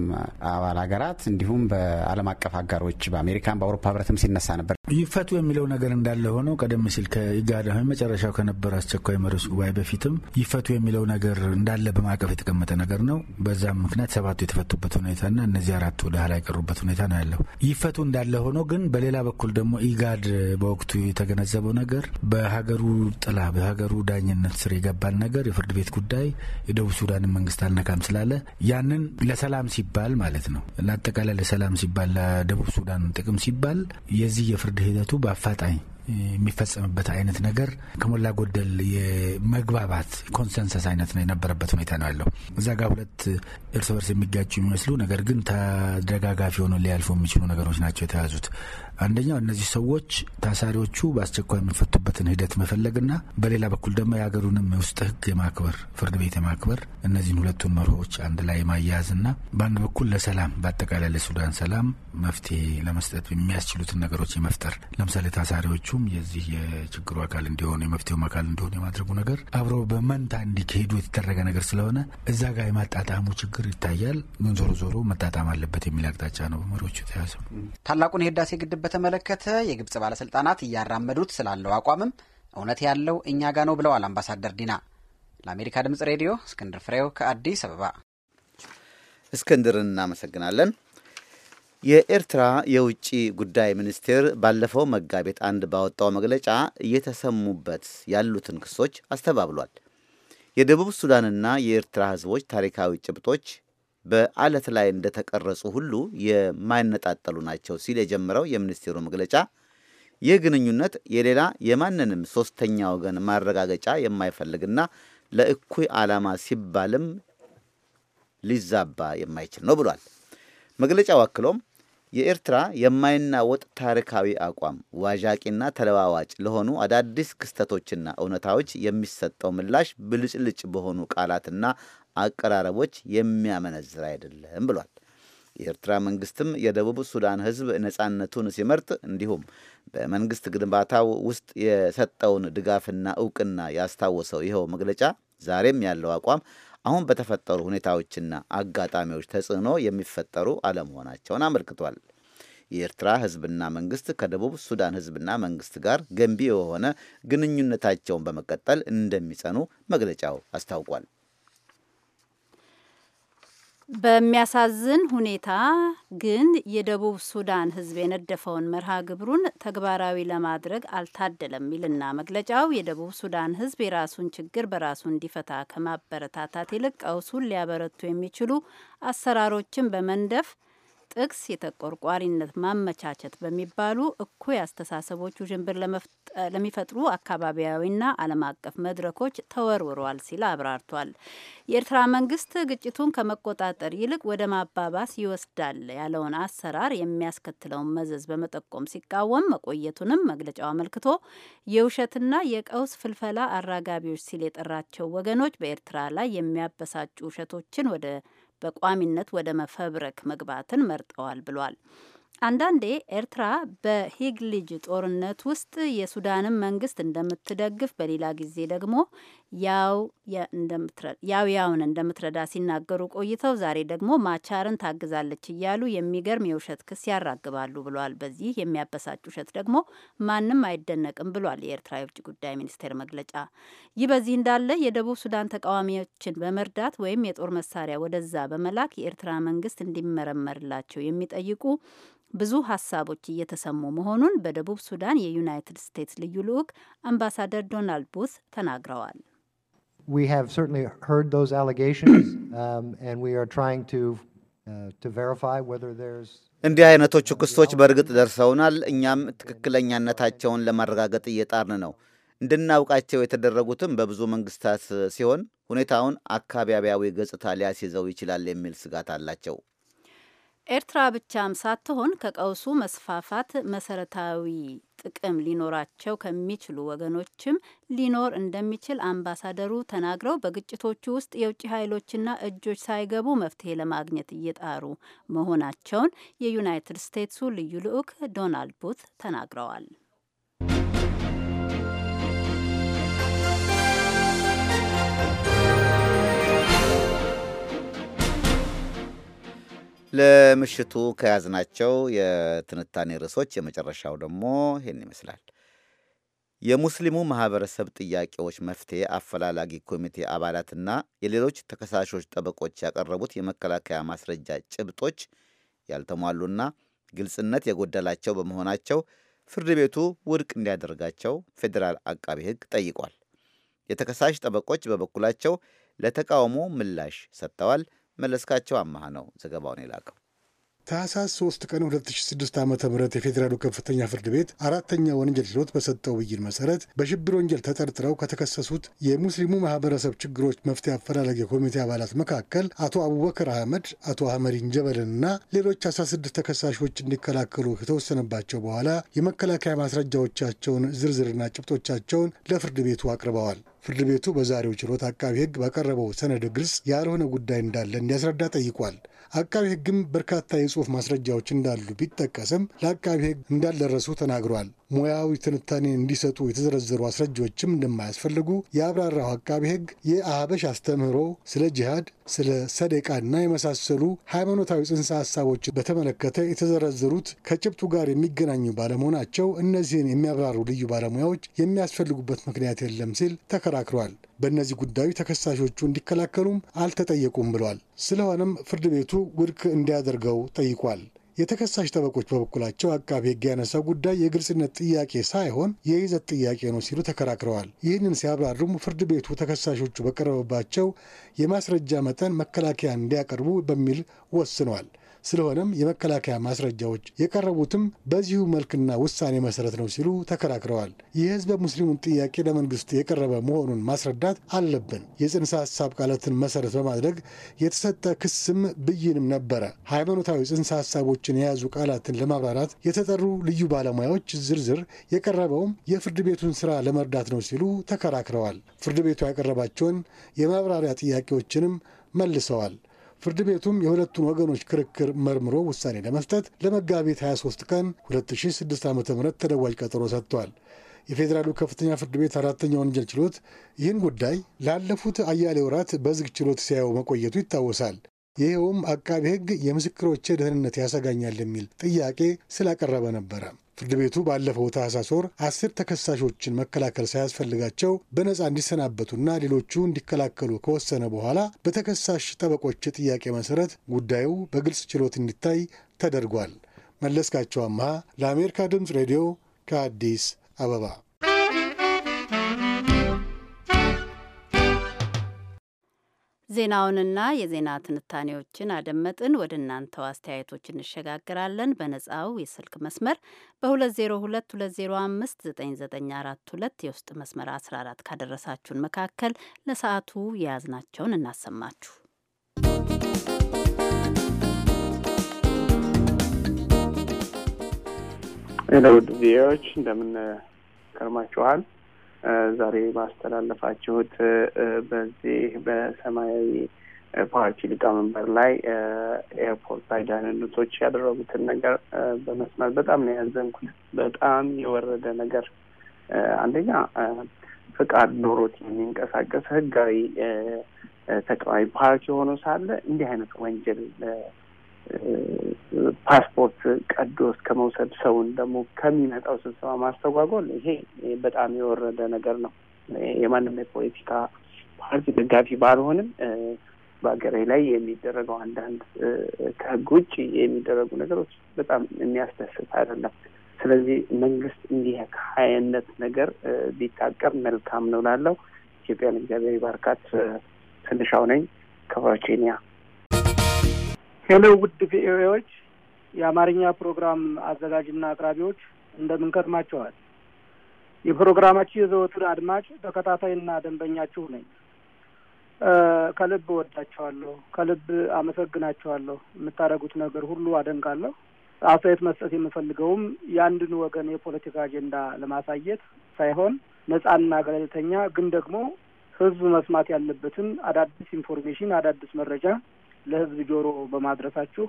አባል ሀገራት እንዲሁም በዓለም አቀፍ አጋሮች በአሜሪካን በአውሮፓ ሕብረትም ሲነሳ ነበር። ይፈቱ የሚለው ነገር እንዳለ ሆነው ቀደም ሲል ከኢጋድ መጨረሻው ከነበረ አስቸኳይ መሪዎች ጉባኤ በፊትም ይፈቱ የሚለው ነገር እንዳለ በማዕቀፍ የተቀመጠ ነገር ነው። በዛም ምክንያት ሰባቱ የተፈቱበት ሁኔታና እነዚህ አራቱ ወደ ኋላ የቀሩበት ሁኔታ ነው ያለው። ይፈቱ እንዳለ ሆኖ ግን በሌላ በኩል ደግሞ ኢጋድ በወቅቱ የተገነዘበው ነገር በሀገሩ ጥላ በሀገሩ ዳኝነት ስር የገባን ነገር የፍርድ ቤት ጉዳይ የደቡብ ሱዳንን መንግስት አልነካም ስላለ ያንን ለሰላም ሲባል ማለት ነው፣ ለአጠቃላይ ለሰላም ሲባል፣ ለደቡብ ሱዳን ጥቅም ሲባል የዚህ የፍርድ ሂደቱ በአፋጣኝ የሚፈጸምበት አይነት ነገር ከሞላ ጎደል የመግባባት ኮንሰንሰስ አይነት ነው የነበረበት ሁኔታ ነው ያለው። እዛ ጋር ሁለት እርስ በርስ የሚጋጩ የሚመስሉ ነገር ግን ተደጋጋፊ ሆኖ ሊያልፉ የሚችሉ ነገሮች ናቸው የተያዙት። አንደኛው እነዚህ ሰዎች ታሳሪዎቹ በአስቸኳይ የሚፈቱበትን ሂደት መፈለግና በሌላ በኩል ደግሞ የሀገሩንም ውስጥ ሕግ የማክበር ፍርድ ቤት የማክበር እነዚህን ሁለቱን መርሆች አንድ ላይ ማያያዝና በአንድ በኩል ለሰላም በአጠቃላይ ለሱዳን ሰላም መፍትሄ ለመስጠት የሚያስችሉትን ነገሮች የመፍጠር ለምሳሌ ታሳሪዎቹ ሁለቱም የዚህ የችግሩ አካል እንዲሆኑ የመፍትሄውም አካል እንዲሆኑ የማድረጉ ነገር አብረው በመንታ እንዲካሄዱ የተደረገ ነገር ስለሆነ እዛ ጋር የማጣጣሙ ችግር ይታያል። ግን ዞሮ ዞሮ መጣጣም አለበት የሚል አቅጣጫ ነው በመሪዎቹ የተያዘው። ታላቁን የህዳሴ ግድብ በተመለከተ የግብጽ ባለስልጣናት እያራመዱት ስላለው አቋምም እውነት ያለው እኛ ጋ ነው ብለዋል አምባሳደር ዲና። ለአሜሪካ ድምጽ ሬዲዮ እስክንድር ፍሬው ከአዲስ አበባ። እስክንድርን እናመሰግናለን። የኤርትራ የውጭ ጉዳይ ሚኒስቴር ባለፈው መጋቢት አንድ ባወጣው መግለጫ እየተሰሙበት ያሉትን ክሶች አስተባብሏል። የደቡብ ሱዳንና የኤርትራ ሕዝቦች ታሪካዊ ጭብጦች በአለት ላይ እንደተቀረጹ ሁሉ የማይነጣጠሉ ናቸው ሲል የጀመረው የሚኒስቴሩ መግለጫ ይህ ግንኙነት የሌላ የማንንም ሶስተኛ ወገን ማረጋገጫ የማይፈልግና ለእኩይ ዓላማ ሲባልም ሊዛባ የማይችል ነው ብሏል። መግለጫው አክሎም የኤርትራ የማይናወጥ ታሪካዊ አቋም ዋዣቂና ተለዋዋጭ ለሆኑ አዳዲስ ክስተቶችና እውነታዎች የሚሰጠው ምላሽ ብልጭልጭ በሆኑ ቃላትና አቀራረቦች የሚያመነዝር አይደለም ብሏል። የኤርትራ መንግስትም የደቡብ ሱዳን ሕዝብ ነጻነቱን ሲመርጥ እንዲሁም በመንግስት ግንባታው ውስጥ የሰጠውን ድጋፍና እውቅና ያስታወሰው ይኸው መግለጫ ዛሬም ያለው አቋም አሁን በተፈጠሩ ሁኔታዎችና አጋጣሚዎች ተጽዕኖ የሚፈጠሩ አለመሆናቸውን አመልክቷል። የኤርትራ ህዝብና መንግስት ከደቡብ ሱዳን ህዝብና መንግስት ጋር ገንቢ የሆነ ግንኙነታቸውን በመቀጠል እንደሚጸኑ መግለጫው አስታውቋል። በሚያሳዝን ሁኔታ ግን የደቡብ ሱዳን ህዝብ የነደፈውን መርሃ ግብሩን ተግባራዊ ለማድረግ አልታደለም ይልና መግለጫው የደቡብ ሱዳን ህዝብ የራሱን ችግር በራሱ እንዲፈታ ከማበረታታት ይልቅ ቀውሱን ሊያበረቱ የሚችሉ አሰራሮችን በመንደፍ ጥቅስ የተቆርቋሪነት ማመቻቸት በሚባሉ እኩይ አስተሳሰቦች ውዥንብር ለሚፈጥሩ አካባቢያዊና ዓለም አቀፍ መድረኮች ተወርውሯል ሲል አብራርቷል። የኤርትራ መንግስት ግጭቱን ከመቆጣጠር ይልቅ ወደ ማባባስ ይወስዳል ያለውን አሰራር የሚያስከትለውን መዘዝ በመጠቆም ሲቃወም መቆየቱንም መግለጫው አመልክቶ የውሸትና የቀውስ ፍልፈላ አራጋቢዎች ሲል የጠራቸው ወገኖች በኤርትራ ላይ የሚያበሳጩ ውሸቶችን ወደ በቋሚነት ወደ መፈብረክ መግባትን መርጠዋል ብሏል። አንዳንዴ ኤርትራ በሂግ ልጅ ጦርነት ውስጥ የሱዳንን መንግስት እንደምትደግፍ፣ በሌላ ጊዜ ደግሞ ያው ያውን እንደምትረዳ ሲናገሩ ቆይተው ዛሬ ደግሞ ማቻርን ታግዛለች እያሉ የሚገርም የውሸት ክስ ያራግባሉ ብሏል። በዚህ የሚያበሳጭ ውሸት ደግሞ ማንም አይደነቅም ብሏል የኤርትራ የውጭ ጉዳይ ሚኒስቴር መግለጫ። ይህ በዚህ እንዳለ የደቡብ ሱዳን ተቃዋሚዎችን በመርዳት ወይም የጦር መሳሪያ ወደዛ በመላክ የኤርትራ መንግስት እንዲመረመርላቸው የሚጠይቁ ብዙ ሀሳቦች እየተሰሙ መሆኑን በደቡብ ሱዳን የዩናይትድ ስቴትስ ልዩ ልዑክ አምባሳደር ዶናልድ ቡስ ተናግረዋል። we have certainly heard those allegations um, and we are trying to uh, to verify whether there's እንዲህ አይነቶቹ ክሶች በእርግጥ ደርሰውናል። እኛም ትክክለኛነታቸውን ለማረጋገጥ እየጣርን ነው። እንድናውቃቸው የተደረጉትም በብዙ መንግስታት ሲሆን ሁኔታውን አካባቢያዊ ገጽታ ሊያስይዘው ይችላል የሚል ስጋት አላቸው። ኤርትራ ብቻም ሳትሆን ከቀውሱ መስፋፋት መሰረታዊ ጥቅም ሊኖራቸው ከሚችሉ ወገኖችም ሊኖር እንደሚችል አምባሳደሩ ተናግረው በግጭቶቹ ውስጥ የውጭ ኃይሎችና እጆች ሳይገቡ መፍትሄ ለማግኘት እየጣሩ መሆናቸውን የዩናይትድ ስቴትሱ ልዩ ልዑክ ዶናልድ ቡት ተናግረዋል። ለምሽቱ ከያዝናቸው የትንታኔ ርዕሶች የመጨረሻው ደግሞ ይህን ይመስላል። የሙስሊሙ ማህበረሰብ ጥያቄዎች መፍትሄ አፈላላጊ ኮሚቴ አባላትና የሌሎች ተከሳሾች ጠበቆች ያቀረቡት የመከላከያ ማስረጃ ጭብጦች ያልተሟሉና ግልጽነት የጎደላቸው በመሆናቸው ፍርድ ቤቱ ውድቅ እንዲያደርጋቸው ፌዴራል አቃቢ ሕግ ጠይቋል። የተከሳሽ ጠበቆች በበኩላቸው ለተቃውሞ ምላሽ ሰጥተዋል። መለስካቸው አመሃ ነው ዘገባውን የላከው። ታህሳስ 3 ቀን 2006 ዓ ም የፌዴራሉ ከፍተኛ ፍርድ ቤት አራተኛ ወንጀል ችሎት በሰጠው ብይን መሰረት በሽብር ወንጀል ተጠርጥረው ከተከሰሱት የሙስሊሙ ማህበረሰብ ችግሮች መፍትሄ አፈላለጊ ኮሚቴ አባላት መካከል አቶ አቡበከር አህመድ፣ አቶ አህመዲን ጀበልና ሌሎች 16 ተከሳሾች እንዲከላከሉ ከተወሰነባቸው በኋላ የመከላከያ ማስረጃዎቻቸውን ዝርዝርና ጭብጦቻቸውን ለፍርድ ቤቱ አቅርበዋል። ፍርድ ቤቱ በዛሬው ችሎት አቃቢ ሕግ ባቀረበው ሰነድ ግልጽ ያልሆነ ጉዳይ እንዳለ እንዲያስረዳ ጠይቋል። አቃቢ ሕግም በርካታ የጽሑፍ ማስረጃዎች እንዳሉ ቢጠቀስም ለአቃቢ ሕግ እንዳልደረሱ ተናግሯል። ሙያዊ ትንታኔ እንዲሰጡ የተዘረዘሩ አስረጃዎችም እንደማያስፈልጉ የአብራራው አቃቢ ሕግ የአህበሽ አስተምህሮ ስለ ጂሃድ፣ ስለ ሰደቃና የመሳሰሉ ሃይማኖታዊ ጽንሰ ሀሳቦች በተመለከተ የተዘረዘሩት ከጭብጡ ጋር የሚገናኙ ባለመሆናቸው እነዚህን የሚያብራሩ ልዩ ባለሙያዎች የሚያስፈልጉበት ምክንያት የለም ሲል ተከራክሯል። በእነዚህ ጉዳዩ ተከሳሾቹ እንዲከላከሉም አልተጠየቁም ብሏል። ስለሆነም ፍርድ ቤቱ ውድቅ እንዲያደርገው ጠይቋል። የተከሳሽ ጠበቆች በበኩላቸው አቃቢ ሕግ ያነሳው ጉዳይ የግልጽነት ጥያቄ ሳይሆን የይዘት ጥያቄ ነው ሲሉ ተከራክረዋል። ይህንን ሲያብራሩም ፍርድ ቤቱ ተከሳሾቹ በቀረበባቸው የማስረጃ መጠን መከላከያ እንዲያቀርቡ በሚል ወስኗል። ስለሆነም የመከላከያ ማስረጃዎች የቀረቡትም በዚሁ መልክና ውሳኔ መሰረት ነው ሲሉ ተከራክረዋል። የህዝበ ሙስሊሙን ጥያቄ ለመንግስት የቀረበ መሆኑን ማስረዳት አለብን። የጽንሰ ሀሳብ ቃላትን መሰረት በማድረግ የተሰጠ ክስም ብይንም ነበረ። ሃይማኖታዊ ጽንሰ ሀሳቦችን የያዙ ቃላትን ለማብራራት የተጠሩ ልዩ ባለሙያዎች ዝርዝር የቀረበውም የፍርድ ቤቱን ስራ ለመርዳት ነው ሲሉ ተከራክረዋል። ፍርድ ቤቱ ያቀረባቸውን የማብራሪያ ጥያቄዎችንም መልሰዋል። ፍርድ ቤቱም የሁለቱን ወገኖች ክርክር መርምሮ ውሳኔ ለመስጠት ለመጋቢት 23 ቀን 2006 ዓ ም ተለዋጭ ቀጠሮ ሰጥቷል። የፌዴራሉ ከፍተኛ ፍርድ ቤት አራተኛ ወንጀል ችሎት ይህን ጉዳይ ላለፉት አያሌ ወራት በዝግ ችሎት ሲያየው መቆየቱ ይታወሳል። ይኸውም አቃቤ ሕግ የምስክሮቼ ደህንነት ያሰጋኛል የሚል ጥያቄ ስላቀረበ ነበረ። ፍርድ ቤቱ ባለፈው ታህሳስ ወር አስር ተከሳሾችን መከላከል ሳያስፈልጋቸው በነፃ እንዲሰናበቱና ሌሎቹ እንዲከላከሉ ከወሰነ በኋላ በተከሳሽ ጠበቆች ጥያቄ መሰረት ጉዳዩ በግልጽ ችሎት እንዲታይ ተደርጓል። መለስካቸው አምሃ ለአሜሪካ ድምፅ ሬዲዮ ከአዲስ አበባ ዜናውንና የዜና ትንታኔዎችን አደመጥን። ወደ እናንተው አስተያየቶች እንሸጋግራለን። በነጻው የስልክ መስመር በ2022059942 የውስጥ መስመር 14 ካደረሳችሁን መካከል ለሰዓቱ የያዝናቸውን እናሰማችሁ። ሄሎ ቪዎች እንደምን ከርማችኋል? ዛሬ ባስተላለፋችሁት በዚህ በሰማያዊ ፓርቲ ሊቀመንበር ላይ ኤርፖርት ላይ ዳንነቶች ያደረጉትን ነገር በመስመር በጣም ነው ያዘንኩት። በጣም የወረደ ነገር አንደኛ ፍቃድ ኖሮት የሚንቀሳቀስ ህጋዊ ተቃዋሚ ፓርቲ ሆኖ ሳለ እንዲህ አይነት ወንጀል ፓስፖርት ቀዶ እስከ መውሰድ ሰውን ደግሞ ከሚመጣው ስብሰባ ማስተጓጎል ይሄ በጣም የወረደ ነገር ነው። የማንም የፖለቲካ ፓርቲ ደጋፊ ባልሆንም በሀገሬ ላይ የሚደረገው አንዳንድ ከህግ ውጭ የሚደረጉ ነገሮች በጣም የሚያስደስት አይደለም። ስለዚህ መንግስት እንዲህ ከሀያነት ነገር ቢታቀም መልካም ነው ላለው ኢትዮጵያን እግዚአብሔር ይባርካት። ትንሻው ነኝ ከቨርጂኒያ ሄሎ ውድ ቪኦኤዎች የአማርኛ ፕሮግራም አዘጋጅና አቅራቢዎች እንደምንከትማቸዋል የፕሮግራማችሁ የዘወትር አድማጭ ተከታታይና ደንበኛችሁ ነኝ። ከልብ እወዳችኋለሁ። ከልብ አመሰግናችኋለሁ። የምታደርጉት ነገር ሁሉ አደንቃለሁ። አስተያየት መስጠት የምፈልገውም የአንድን ወገን የፖለቲካ አጀንዳ ለማሳየት ሳይሆን ነጻና ገለልተኛ ግን ደግሞ ህዝብ መስማት ያለበትን አዳዲስ ኢንፎርሜሽን አዳዲስ መረጃ ለህዝብ ጆሮ በማድረሳችሁ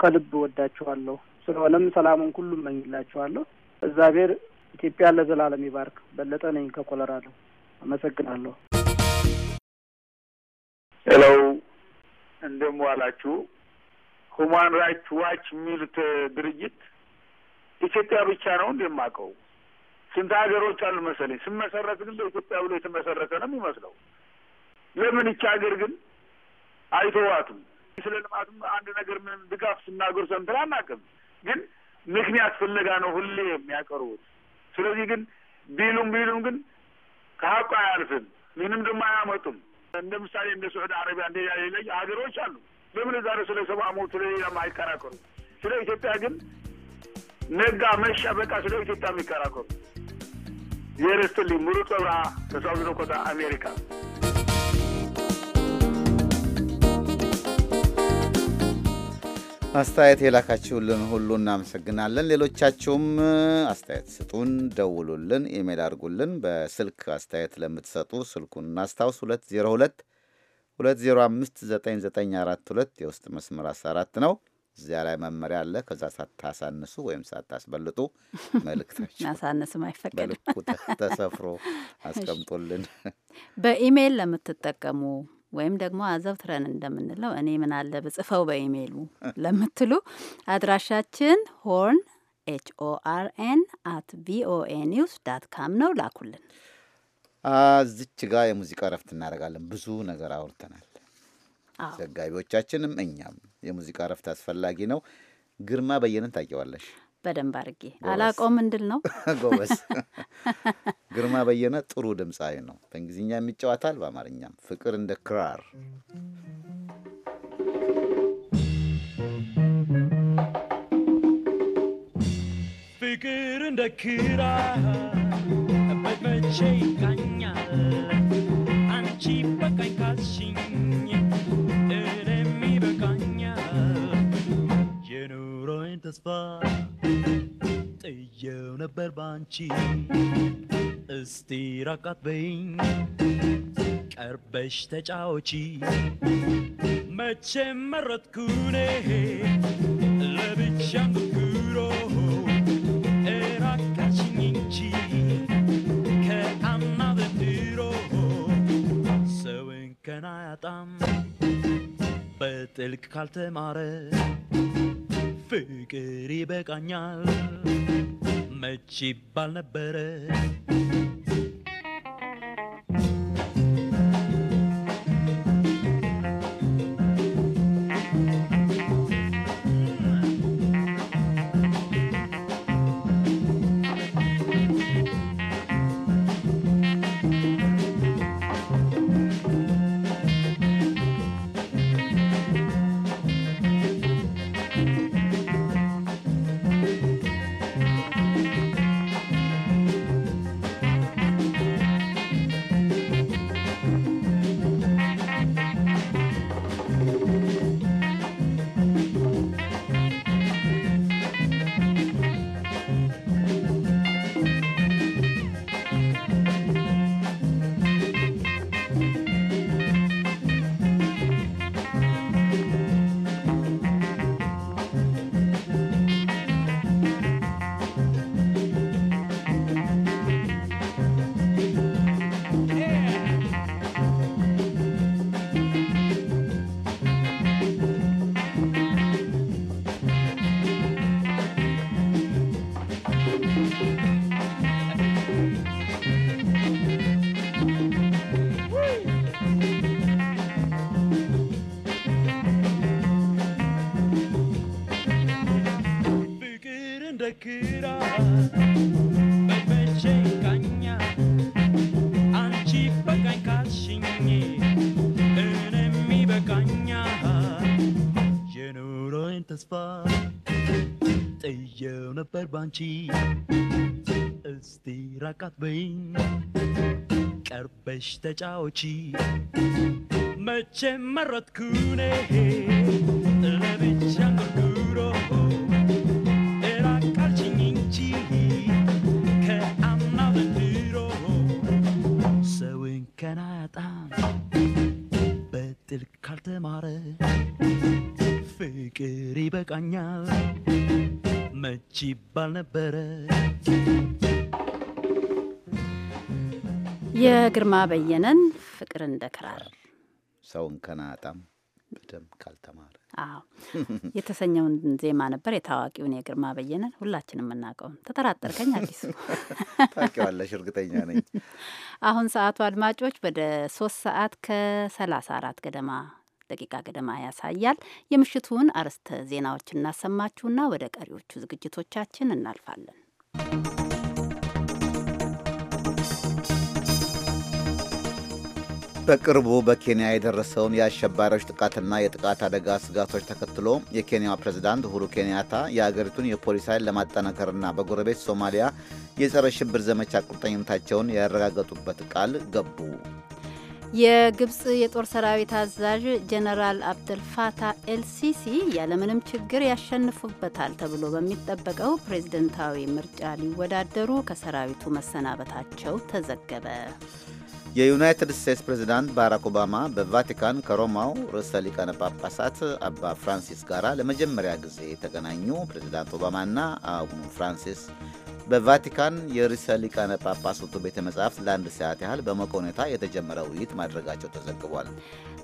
ከልብ ወዳችኋለሁ። ስለሆነም ሰላሙን ሁሉ እመኝላችኋለሁ። እግዚአብሔር ኢትዮጵያን ለዘላለም ይባርክ። በለጠ ነኝ ከኮሎራዶ። አመሰግናለሁ። ሄለው እንደምን ዋላችሁ? ሁማን ራይትስ ዋች የሚሉት ድርጅት ኢትዮጵያ ብቻ ነው እንደማውቀው ስንት ሀገሮች አሉ መሰለኝ። ስመሰረት ግን በኢትዮጵያ ብሎ የተመሰረተ ነው የሚመስለው። ለምን ይቻ ሀገር ግን አይተዋትም? ስለ ልማቱም አንድ ነገር ምን ድጋፍ ስናገር ሰምተን አናውቅም። ግን ምክንያት ፍለጋ ነው ሁሌ የሚያቀርቡት። ስለዚህ ግን ቢሉም ቢሉም ግን ከሀቁ አያልፍም። ምንም ደግሞ አያመጡም። እንደ ምሳሌ እንደ ስዑድ አረቢያ እንደ ሌላ ሀገሮች አሉ። ለምን ዛሬ ስለ ሰብአ መብት ስለሌላም አይከራከሩ። ስለ ኢትዮጵያ ግን ነጋ መሻ በቃ ስለ ኢትዮጵያ የሚከራከሩ የርስትልኝ ሙሉ ጸብራ ተሳብዝነኮታ አሜሪካ አስተያየት የላካችሁልን ሁሉ እናመሰግናለን። ሌሎቻችሁም አስተያየት ስጡን፣ ደውሉልን፣ ኢሜል አድርጉልን። በስልክ አስተያየት ለምትሰጡ ስልኩን እናስታውስ 202 205 የውስጥ መስመር 14 ነው። እዚያ ላይ መመሪያ አለ። ከዛ ሳታሳንሱ ወይም ሳታስበልጡ መልእክታችሁ ማሳነስም አይፈቀድም፣ ተሰፍሮ አስቀምጦልን በኢሜይል ለምትጠቀሙ ወይም ደግሞ አዘውትረን እንደምንለው እኔ ምን አለ ብጽፈው በኢሜይሉ ለምትሉ አድራሻችን ሆርን ኤች ኦ አር ኤን አት ቪኦኤ ኒውስ ዳት ካም ነው። ላኩልን። እዚች ጋ የሙዚቃ እረፍት እናደርጋለን። ብዙ ነገር አውርተናል። ዘጋቢዎቻችንም እኛም የሙዚቃ እረፍት አስፈላጊ ነው። ግርማ በየነን ታውቂዋለሽ። በደንብ አድርጌ አላቆም እንድል ነው። ጎበዝ ግርማ በየነ ጥሩ ድምፃዊ ነው። በእንግሊዝኛ የሚጫወታል፣ በአማርኛም ፍቅር እንደ ክራር ፍቅር እንደ ክራር በመቼ ይቃኛል አንቺ በቃኝ ካልሽኝ ተስፋ ጥየው ነበር ባንቺ እስቲ ራቃት በይኝ ቀርበሽ ተጫወቺ መቼም መረጥኩኔ ለብቻም ብኩሮ እራቃችኝ እንጂ ከአምና በድሮ ሰውን ከናያጣም በጥልቅ ካልተማረ ፍቅር ይበቃኛል መች ይባል ነበረ አንቺ እስቲ ራቃት በይኝ ቀርበሽ ተጫወቺ መቼም መረጥኩኔ ለብቻ ቅርዱሮ ራቃልችኝ እንጂ ከአምናው ዘንድሮ ሰውን ከናያጣም በጥልቅ ካልተማረ ፍቅር ይበቃኛል መች ይባል ነበረ። የግርማ በየነን ፍቅር እንደ ክራር ሰውን ከናጣም በደምብ ካልተማረ አዎ የተሰኘውን ዜማ ነበር። የታዋቂውን የግርማ በየነን ሁላችንም የምናውቀውን። ተጠራጠርከኝ አዲሱ ታውቂዋለሽ፣ እርግጠኛ ነኝ። አሁን ሰዓቱ አድማጮች ወደ ሶስት ሰዓት ከሰላሳ አራት ገደማ ደቂቃ ገደማ ያሳያል። የምሽቱን አርዕስተ ዜናዎች እናሰማችሁና ወደ ቀሪዎቹ ዝግጅቶቻችን እናልፋለን። በቅርቡ በኬንያ የደረሰውን የአሸባሪዎች ጥቃትና የጥቃት አደጋ ስጋቶች ተከትሎ የኬንያው ፕሬዝዳንት ኡሁሩ ኬንያታ የአገሪቱን የፖሊስ ኃይል ለማጠናከርና በጎረቤት ሶማሊያ የጸረ ሽብር ዘመቻ ቁርጠኝነታቸውን ያረጋገጡበት ቃል ገቡ። የግብጽ የጦር ሰራዊት አዛዥ ጀነራል አብደልፋታ ኤልሲሲ ያለምንም ችግር ያሸንፉበታል ተብሎ በሚጠበቀው ፕሬዝደንታዊ ምርጫ ሊወዳደሩ ከሰራዊቱ መሰናበታቸው ተዘገበ። የዩናይትድ ስቴትስ ፕሬዝዳንት ባራክ ኦባማ በቫቲካን ከሮማው ርዕሰ ሊቃነ ጳጳሳት አባ ፍራንሲስ ጋር ለመጀመሪያ ጊዜ የተገናኙ ፕሬዝዳንት ኦባማና አቡነ ፍራንሲስ በቫቲካን የርዕሰ ሊቃነ ጳጳሳቱ ቤተ መጻሕፍት ለአንድ ሰዓት ያህል በሞቀ ሁኔታ የተጀመረ ውይይት ማድረጋቸው ተዘግቧል።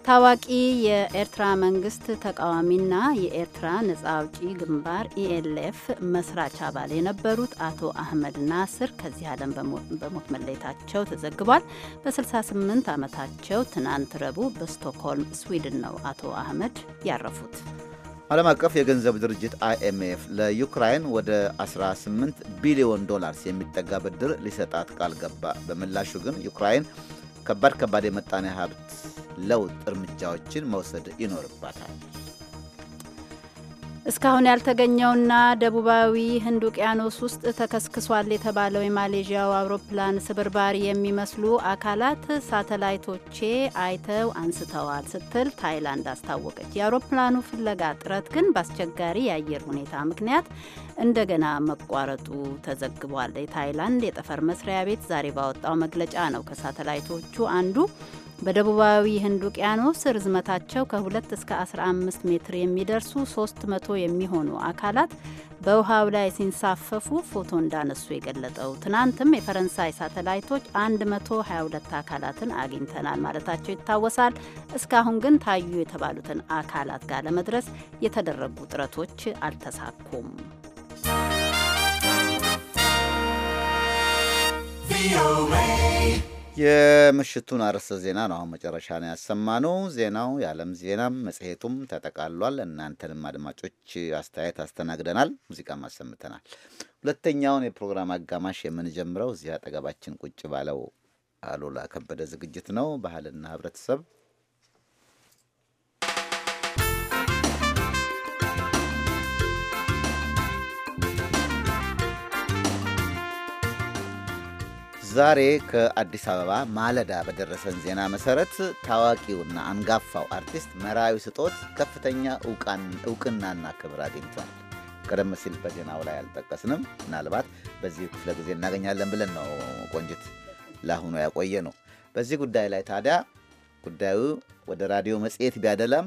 ታዋቂ የኤርትራ መንግስት ተቃዋሚና የኤርትራ ነጻ አውጪ ግንባር ኢኤልኤፍ መስራች አባል የነበሩት አቶ አህመድ ናስር ከዚህ ዓለም በሞት መለየታቸው ተዘግቧል። በ68 ዓመታቸው ትናንት ረቡዕ በስቶክሆልም ስዊድን ነው አቶ አህመድ ያረፉት። ዓለም አቀፍ የገንዘብ ድርጅት አይኤምኤፍ ለዩክራይን ወደ 18 ቢሊዮን ዶላርስ የሚጠጋ ብድር ሊሰጣት ቃል ገባ። በምላሹ ግን ዩክራይን ከባድ ከባድ የመጣኔ ሀብት ለውጥ እርምጃዎችን መውሰድ ይኖርባታል። እስካሁን ያልተገኘውና ደቡባዊ ህንድ ውቅያኖስ ውስጥ ተከስክሷል የተባለው የማሌዥያው አውሮፕላን ስብርባሪ የሚመስሉ አካላት ሳተላይቶቼ አይተው አንስተዋል ስትል ታይላንድ አስታወቀች። የአውሮፕላኑ ፍለጋ ጥረት ግን በአስቸጋሪ የአየር ሁኔታ ምክንያት እንደገና መቋረጡ ተዘግቧል። የታይላንድ የጠፈር መስሪያ ቤት ዛሬ ባወጣው መግለጫ ነው ከሳተላይቶቹ አንዱ በደቡባዊ ህንድ ውቅያኖስ ርዝመታቸው ከ2 እስከ 15 ሜትር የሚደርሱ 300 የሚሆኑ አካላት በውሃው ላይ ሲንሳፈፉ ፎቶ እንዳነሱ የገለጠው ትናንትም የፈረንሳይ ሳተላይቶች 122 አካላትን አግኝተናል ማለታቸው ይታወሳል። እስካሁን ግን ታዩ የተባሉትን አካላት ጋር ለመድረስ የተደረጉ ጥረቶች አልተሳኩም። ቪኦኤ የምሽቱን አርዕስተ ዜና ነው አሁን መጨረሻ ነው ያሰማነው። ዜናው የዓለም ዜናም መጽሔቱም ተጠቃሏል። እናንተንም አድማጮች አስተያየት አስተናግደናል፣ ሙዚቃም አሰምተናል። ሁለተኛውን የፕሮግራም አጋማሽ የምንጀምረው እዚህ አጠገባችን ቁጭ ባለው አሉላ ከበደ ዝግጅት ነው። ባህልና ህብረተሰብ ዛሬ ከአዲስ አበባ ማለዳ በደረሰን ዜና መሰረት ታዋቂውና አንጋፋው አርቲስት መራዊ ስጦት ከፍተኛ እውቅናና ክብር አግኝቷል። ቀደም ሲል በዜናው ላይ አልጠቀስንም። ምናልባት በዚህ ክፍለ ጊዜ እናገኛለን ብለን ነው ቆንጅት ለአሁኑ ያቆየ ነው። በዚህ ጉዳይ ላይ ታዲያ ጉዳዩ ወደ ራዲዮ መጽሔት ቢያደላም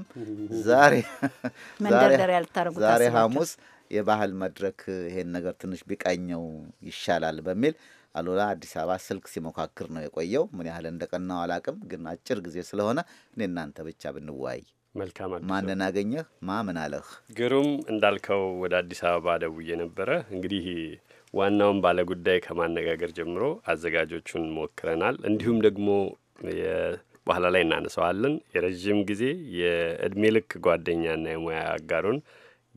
ዛሬ ዛሬ ሐሙስ የባህል መድረክ ይሄን ነገር ትንሽ ቢቃኘው ይሻላል በሚል አሉላ አዲስ አበባ ስልክ ሲሞካክር ነው የቆየው። ምን ያህል እንደቀናው አላቅም፣ ግን አጭር ጊዜ ስለሆነ እኔ እናንተ ብቻ ብንወያይ መልካም። ማንን አገኘህ? ማ ምን አለህ? ግሩም እንዳልከው ወደ አዲስ አበባ ደውዬ ነበረ። እንግዲህ ዋናውን ባለጉዳይ ከማነጋገር ጀምሮ አዘጋጆቹን ሞክረናል። እንዲሁም ደግሞ በኋላ ላይ እናነሰዋለን የረዥም ጊዜ የእድሜ ልክ ጓደኛና የሙያ አጋሩን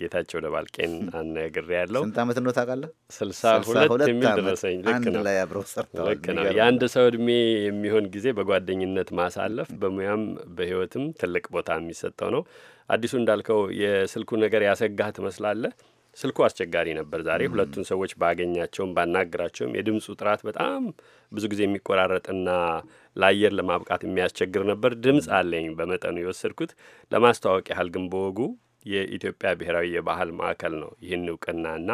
ጌታቸው ደባልቄን አናግሬ ያለው ስንት ዓመት ነው ታውቃለህ? ስልሳ ሁለት የሚል ደረሰኝ። ልክ ነው፣ ልክ ነው። የአንድ ሰው እድሜ የሚሆን ጊዜ በጓደኝነት ማሳለፍ በሙያም በህይወትም ትልቅ ቦታ የሚሰጠው ነው። አዲሱ እንዳልከው የስልኩ ነገር ያሰጋህ ትመስላለህ። ስልኩ አስቸጋሪ ነበር። ዛሬ ሁለቱን ሰዎች ባገኛቸውም ባናግራቸውም የድምፁ ጥራት በጣም ብዙ ጊዜ የሚቆራረጥና ለአየር ለማብቃት የሚያስቸግር ነበር። ድምፅ አለኝ በመጠኑ የወሰድኩት ለማስተዋወቅ ያህል ግን በወጉ የኢትዮጵያ ብሔራዊ የባህል ማዕከል ነው ይህን እውቅናና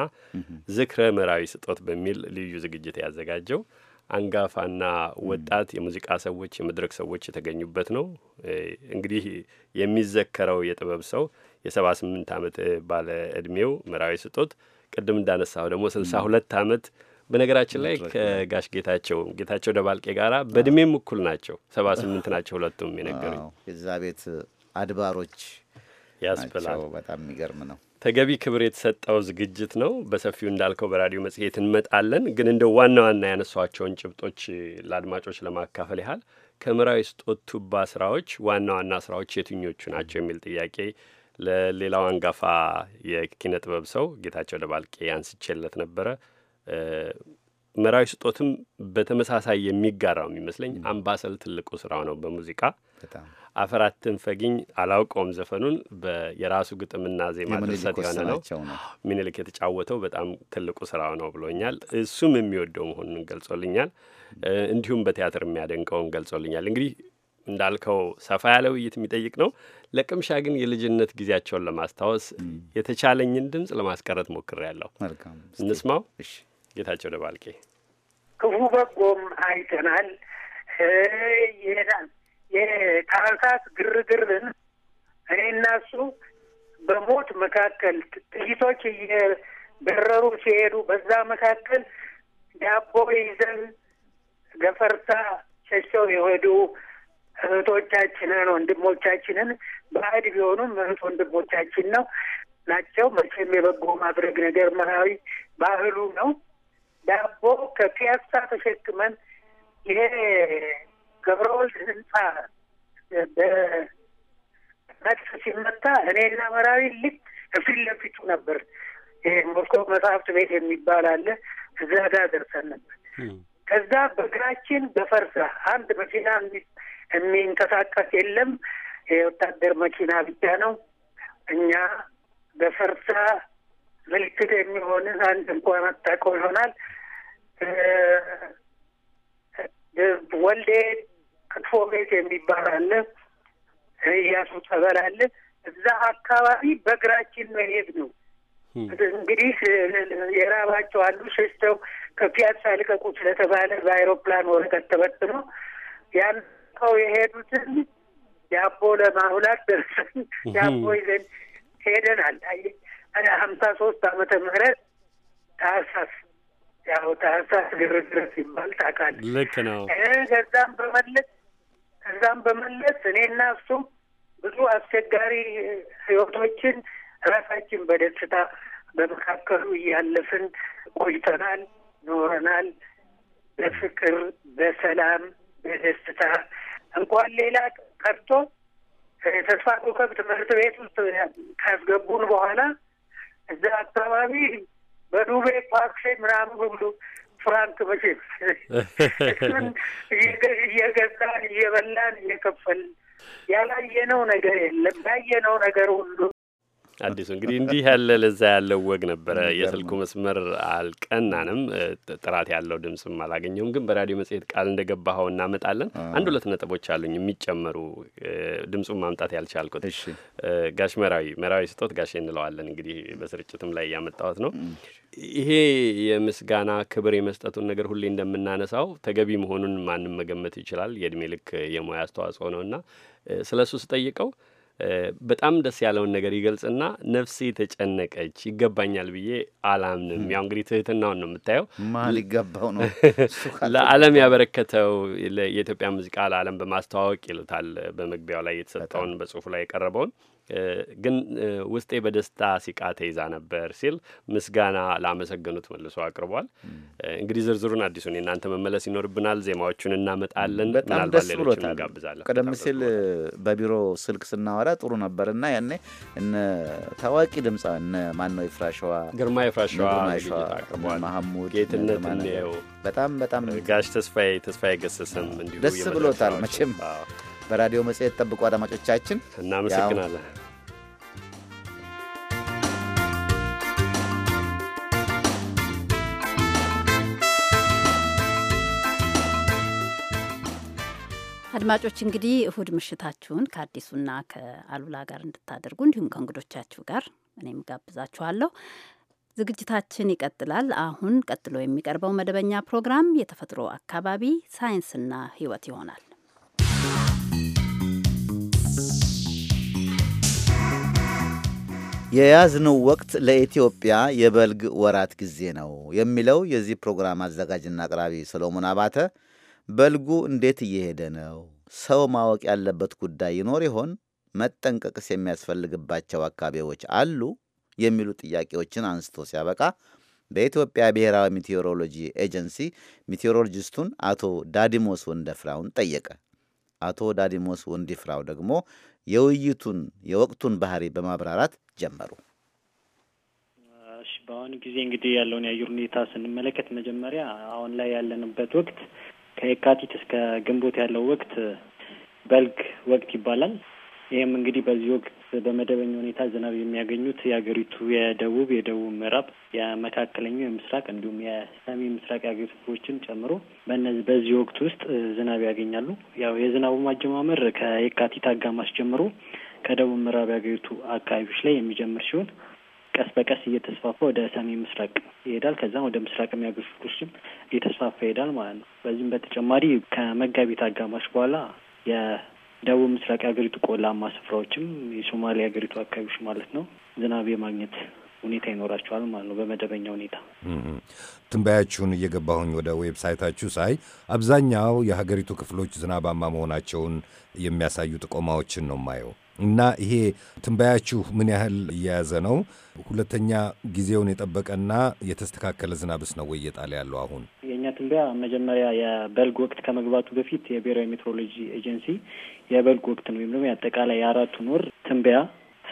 ዝክረ ምዕራዊ ስጦት በሚል ልዩ ዝግጅት ያዘጋጀው። አንጋፋና ወጣት የሙዚቃ ሰዎች፣ የመድረክ ሰዎች የተገኙበት ነው። እንግዲህ የሚዘከረው የጥበብ ሰው የሰባ ስምንት ዓመት ባለ ዕድሜው ምዕራዊ ስጦት ቅድም እንዳነሳው ደግሞ ስልሳ ሁለት ዓመት በነገራችን ላይ ከጋሽ ጌታቸው ጌታቸው ደባልቄ ጋራ በእድሜም እኩል ናቸው። ሰባ ስምንት ናቸው ሁለቱም የነገሩኝ የዛ ቤት አድባሮች ያስብላል። በጣም የሚገርም ነው። ተገቢ ክብር የተሰጠው ዝግጅት ነው። በሰፊው እንዳልከው በራዲዮ መጽሔት እንመጣለን። ግን እንደ ዋና ዋና ያነሷቸውን ጭብጦች ለአድማጮች ለማካፈል ያህል ከምራዊ ስጦት ቱባ ስራዎች ዋና ዋና ስራዎች የትኞቹ ናቸው የሚል ጥያቄ ለሌላው አንጋፋ የኪነ ጥበብ ሰው ጌታቸው ደባልቄ አንስቼለት ነበረ። ምራዊ ስጦትም በተመሳሳይ የሚጋራው የሚመስለኝ አምባሰል ትልቁ ስራው ነው በሙዚቃ አፈር አትንፈጊኝ አላውቀውም ዘፈኑን የራሱ ግጥምና ዜማ ድርሰት የሆነ ነው። ሚኒልክ የተጫወተው በጣም ትልቁ ስራው ነው ብሎኛል። እሱም የሚወደው መሆኑን ገልጾልኛል። እንዲሁም በቲያትር የሚያደንቀውን ገልጾልኛል። እንግዲህ እንዳልከው ሰፋ ያለ ውይይት የሚጠይቅ ነው። ለቅምሻ ግን የልጅነት ጊዜያቸውን ለማስታወስ የተቻለኝን ድምፅ ለማስቀረት ሞክሬያለሁ። እንስማው። ጌታቸው ደባልቄ ክፉ በጎም አይተናል ይሄዳል የታህሳስ ግርግርን እኔ እና እሱ በሞት መካከል ጥይቶች እየበረሩ ሲሄዱ በዛ መካከል ዳቦ ይዘን ገፈርታ ሸሸው የሄዱ እህቶቻችንን ወንድሞቻችንን ባዕድ ቢሆኑም እህት ወንድሞቻችን ነው ናቸው። መቼም የበጎ ማድረግ ነገር መራዊ ባህሉ ነው። ዳቦ ከፒያሳ ተሸክመን ይሄ ገብረወልድ ህንፃ በመጥፍ ሲመታ እኔና መራዊ ልክ ከፊት ለፊቱ ነበር። ሞስኮ መጽሐፍት ቤት የሚባል አለ። እዛ ጋር ደርሰን ነበር። ከዛ በእግራችን በፈርሳ አንድ መኪና የሚንቀሳቀስ የለም። የወታደር መኪና ብቻ ነው። እኛ በፈርሳ ምልክት የሚሆንን አንድ እንኳን አታውቀው ይሆናል ወልዴ ክትፎ ቤት የሚባል አለ፣ እያሱ ጸበል አለ። እዛ አካባቢ በእግራችን መሄድ ነው። እንግዲህ የራባቸው አሉ ሸሽተው ከፒያሳ ልቀቁ ስለተባለ በአይሮፕላን ወረቀት ተበትኖ ያንቀው የሄዱትን ዳቦ ለማብላት ደርሰን ዳቦ ይዘን ሄደናል። ሀምሳ ሶስት አመተ ምህረት ታህሳስ ያወጣ እሳት ግርግር ሲባል ታውቃለህ። ልክ ነው። ከዛም በመለስ ከዛም በመለስ እኔና እሱም ብዙ አስቸጋሪ ህይወቶችን ራሳችን በደስታ በመካከሉ እያለፍን ቆይተናል፣ ኖረናል። በፍቅር በሰላም በደስታ እንኳን ሌላ ቀርቶ ተስፋ ከብት ትምህርት ቤት ውስጥ ካስገቡን በኋላ እዛ አካባቢ በዱቤ ፓክሴ ምናምን ሁሉ ፍራንክ መቼም እየገዛን እየበላን እየከፈልን ያላየነው ነገር የለም። ያየነው ነገር ሁሉ አዲሱ እንግዲህ እንዲህ ያለ ለዛ ያለው ወግ ነበረ። የስልኩ መስመር አልቀናንም፣ ጥራት ያለው ድምፅም አላገኘውም። ግን በራዲዮ መጽሔት ቃል እንደገባኸው እናመጣለን። አንድ ሁለት ነጥቦች አሉኝ የሚጨመሩ ድምፁን ማምጣት ያልቻልኩት። ጋሽ መራዊ መራዊ ስጦት ጋሽ እንለዋለን እንግዲህ በስርጭትም ላይ ያመጣሁት ነው። ይሄ የምስጋና ክብር የመስጠቱን ነገር ሁሌ እንደምናነሳው ተገቢ መሆኑን ማንም መገመት ይችላል። የእድሜ ልክ የሙያ አስተዋጽኦ ነውና ስለ እሱ ስጠይቀው በጣም ደስ ያለውን ነገር ይገልጽና ነፍሴ ተጨነቀች፣ ይገባኛል ብዬ አላምንም። ያው እንግዲህ ትህትናውን ነው የምታየው። ማን ይገባው ነው? ለዓለም ያበረከተው የኢትዮጵያ ሙዚቃ ለዓለም በማስተዋወቅ ይሉታል በመግቢያው ላይ የተሰጠውን በጽሁፉ ላይ የቀረበውን ግን ውስጤ በደስታ ሲቃ ተይዛ ነበር ሲል ምስጋና ላመሰገኑት መልሶ አቅርቧል። እንግዲህ ዝርዝሩን አዲሱን የእናንተ መመለስ ይኖርብናል። ዜማዎቹን እናመጣለን። በጣም ደስ ብሎታል። ቀደም ሲል በቢሮ ስልክ ስናወራ ጥሩ ነበር እና ያኔ እነ ታዋቂ ድምፃ እነ ማን ነው የፍራሸዋ ግርማ የፍራሸዋ ማሙድ ጌትነት እንየው በጣም በጣም ጋሽ ተስፋዬ ተስፋዬ ገሰሰም እንዲሁ ደስ ብሎታል መቼም በራዲዮ መጽሔት ጠብቁ አድማጮቻችን። እናመሰግናለን። አድማጮች እንግዲህ እሁድ ምሽታችሁን ከአዲሱና ከአሉላ ጋር እንድታደርጉ እንዲሁም ከእንግዶቻችሁ ጋር እኔም ጋብዛችኋለሁ። ዝግጅታችን ይቀጥላል። አሁን ቀጥሎ የሚቀርበው መደበኛ ፕሮግራም የተፈጥሮ አካባቢ ሳይንስና ሕይወት ይሆናል። የያዝነው ወቅት ለኢትዮጵያ የበልግ ወራት ጊዜ ነው የሚለው የዚህ ፕሮግራም አዘጋጅና አቅራቢ ሰሎሞን አባተ፣ በልጉ እንዴት እየሄደ ነው? ሰው ማወቅ ያለበት ጉዳይ ይኖር ይሆን? መጠንቀቅስ የሚያስፈልግባቸው አካባቢዎች አሉ? የሚሉ ጥያቄዎችን አንስቶ ሲያበቃ በኢትዮጵያ ብሔራዊ ሚቴዎሮሎጂ ኤጀንሲ ሚቴዎሮሎጂስቱን አቶ ዳዲሞስ ወንደፍራውን ጠየቀ። አቶ ዳዲሞስ ወንዲፍራው ደግሞ የውይይቱን የወቅቱን ባህሪ በማብራራት ጀመሩ። እሺ፣ በአሁኑ ጊዜ እንግዲህ ያለውን የአየር ሁኔታ ስንመለከት መጀመሪያ አሁን ላይ ያለንበት ወቅት ከየካቲት እስከ ግንቦት ያለው ወቅት በልግ ወቅት ይባላል። ይህም እንግዲህ በዚህ ወቅት በመደበኛ ሁኔታ ዝናብ የሚያገኙት የሀገሪቱ የደቡብ፣ የደቡብ ምዕራብ፣ የመካከለኛው፣ የምስራቅ እንዲሁም የሰሜን ምስራቅ የሀገሪቱ ክፍሎችን ጨምሮ በነዚህ በዚህ ወቅት ውስጥ ዝናብ ያገኛሉ። ያው የዝናቡ ማጀማመር ከየካቲት አጋማሽ ጀምሮ ከደቡብ ምዕራብ ያገሪቱ አካባቢዎች ላይ የሚጀምር ሲሆን ቀስ በቀስ እየተስፋፋ ወደ ሰሜን ምስራቅ ይሄዳል። ከዛም ወደ ምስራቅ የሚያገሱ ክፍሎችም እየተስፋፋ ይሄዳል ማለት ነው። በዚህም በተጨማሪ ከመጋቢት አጋማሽ በኋላ የደቡብ ምስራቅ የሀገሪቱ ቆላማ ስፍራዎችም የሶማሌ ሀገሪቱ አካባቢዎች ማለት ነው ዝናብ የማግኘት ሁኔታ ይኖራቸዋል ማለት ነው። በመደበኛ ሁኔታ ትንበያችሁን እየገባሁኝ ወደ ዌብሳይታችሁ ሳይ አብዛኛው የሀገሪቱ ክፍሎች ዝናባማ መሆናቸውን የሚያሳዩ ጥቆማዎችን ነው ማየው። እና ይሄ ትንበያችሁ ምን ያህል እየያዘ ነው? ሁለተኛ ጊዜውን የጠበቀና የተስተካከለ ዝናብስ ነው ወይ እየጣለ ያለው? አሁን የእኛ ትንበያ መጀመሪያ የበልግ ወቅት ከመግባቱ በፊት የብሔራዊ ሜትሮሎጂ ኤጀንሲ የበልግ ወቅትን ወይም ደግሞ የአጠቃላይ የአራቱን ወር ትንበያ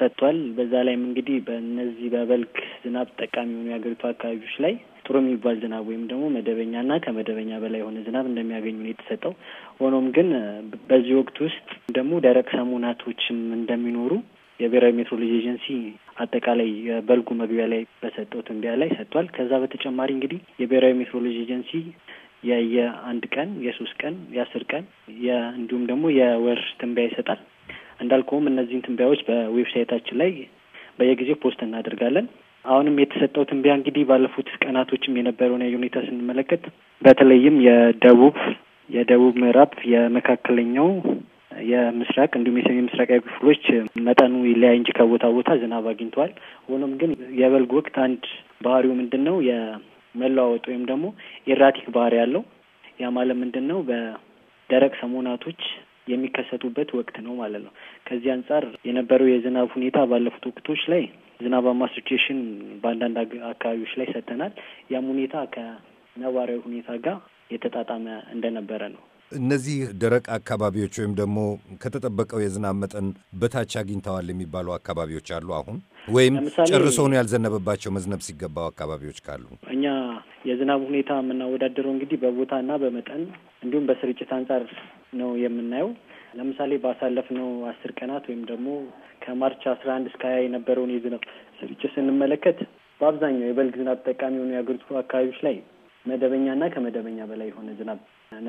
ሰጥቷል። በዛ ላይም እንግዲህ በእነዚህ በበልግ ዝናብ ጠቃሚ የሆኑ የሀገሪቱ አካባቢዎች ላይ ጥሩ የሚባል ዝናብ ወይም ደግሞ መደበኛና ከመደበኛ በላይ የሆነ ዝናብ እንደሚያገኙ ነው የተሰጠው። ሆኖም ግን በዚህ ወቅት ውስጥ ደግሞ ደረቅ ሰሙናቶችም እንደሚኖሩ የብሔራዊ ሜትሮሎጂ ኤጀንሲ አጠቃላይ የበልጉ መግቢያ ላይ በሰጠው ትንቢያ ላይ ሰጥቷል። ከዛ በተጨማሪ እንግዲህ የብሔራዊ ሜትሮሎጂ ኤጀንሲ የየአንድ ቀን የሶስት ቀን የአስር ቀን እንዲሁም ደግሞ የወር ትንቢያ ይሰጣል። እንዳልከውም እነዚህን ትንቢያዎች በዌብሳይታችን ላይ በየጊዜው ፖስት እናደርጋለን። አሁንም የተሰጠው ትንበያ እንግዲህ ባለፉት ቀናቶችም የነበረውን የአየር ስንመለከት በተለይም የደቡብ የደቡብ ምዕራብ፣ የመካከለኛው፣ የምስራቅ እንዲሁም የሰሜን ምስራቃዊ ክፍሎች መጠኑ ይለያይ እንጂ ከቦታ ቦታ ዝናብ አግኝተዋል። ሆኖም ግን የበልግ ወቅት አንድ ባህሪው ምንድን ነው? የመለዋወጥ ወይም ደግሞ ኤራቲክ ባህሪ ያለው ያ ማለት ምንድን ነው? በደረቅ ሰሞናቶች የሚከሰቱበት ወቅት ነው ማለት ነው። ከዚህ አንጻር የነበረው የዝናብ ሁኔታ ባለፉት ወቅቶች ላይ ዝናባማ ሲቹዌሽን በአንዳንድ አካባቢዎች ላይ ሰጥተናል። ያም ሁኔታ ከነባራዊ ሁኔታ ጋር የተጣጣመ እንደነበረ ነው። እነዚህ ደረቅ አካባቢዎች ወይም ደግሞ ከተጠበቀው የዝናብ መጠን በታች አግኝተዋል የሚባሉ አካባቢዎች አሉ። አሁን ወይም ጨርሶውኑ ያልዘነበባቸው መዝነብ ሲገባው አካባቢዎች ካሉ እኛ የዝናብ ሁኔታ የምናወዳደረው እንግዲህ በቦታና በመጠን እንዲሁም በስርጭት አንጻር ነው የምናየው። ለምሳሌ ባሳለፍነው አስር ቀናት ወይም ደግሞ ከማርች አስራ አንድ እስከ ሀያ የነበረውን የዝናብ ስርጭት ስንመለከት በአብዛኛው የበልግ ዝናብ ተጠቃሚ የሆኑ የአገሪቱ አካባቢዎች ላይ መደበኛና ከመደበኛ በላይ የሆነ ዝናብ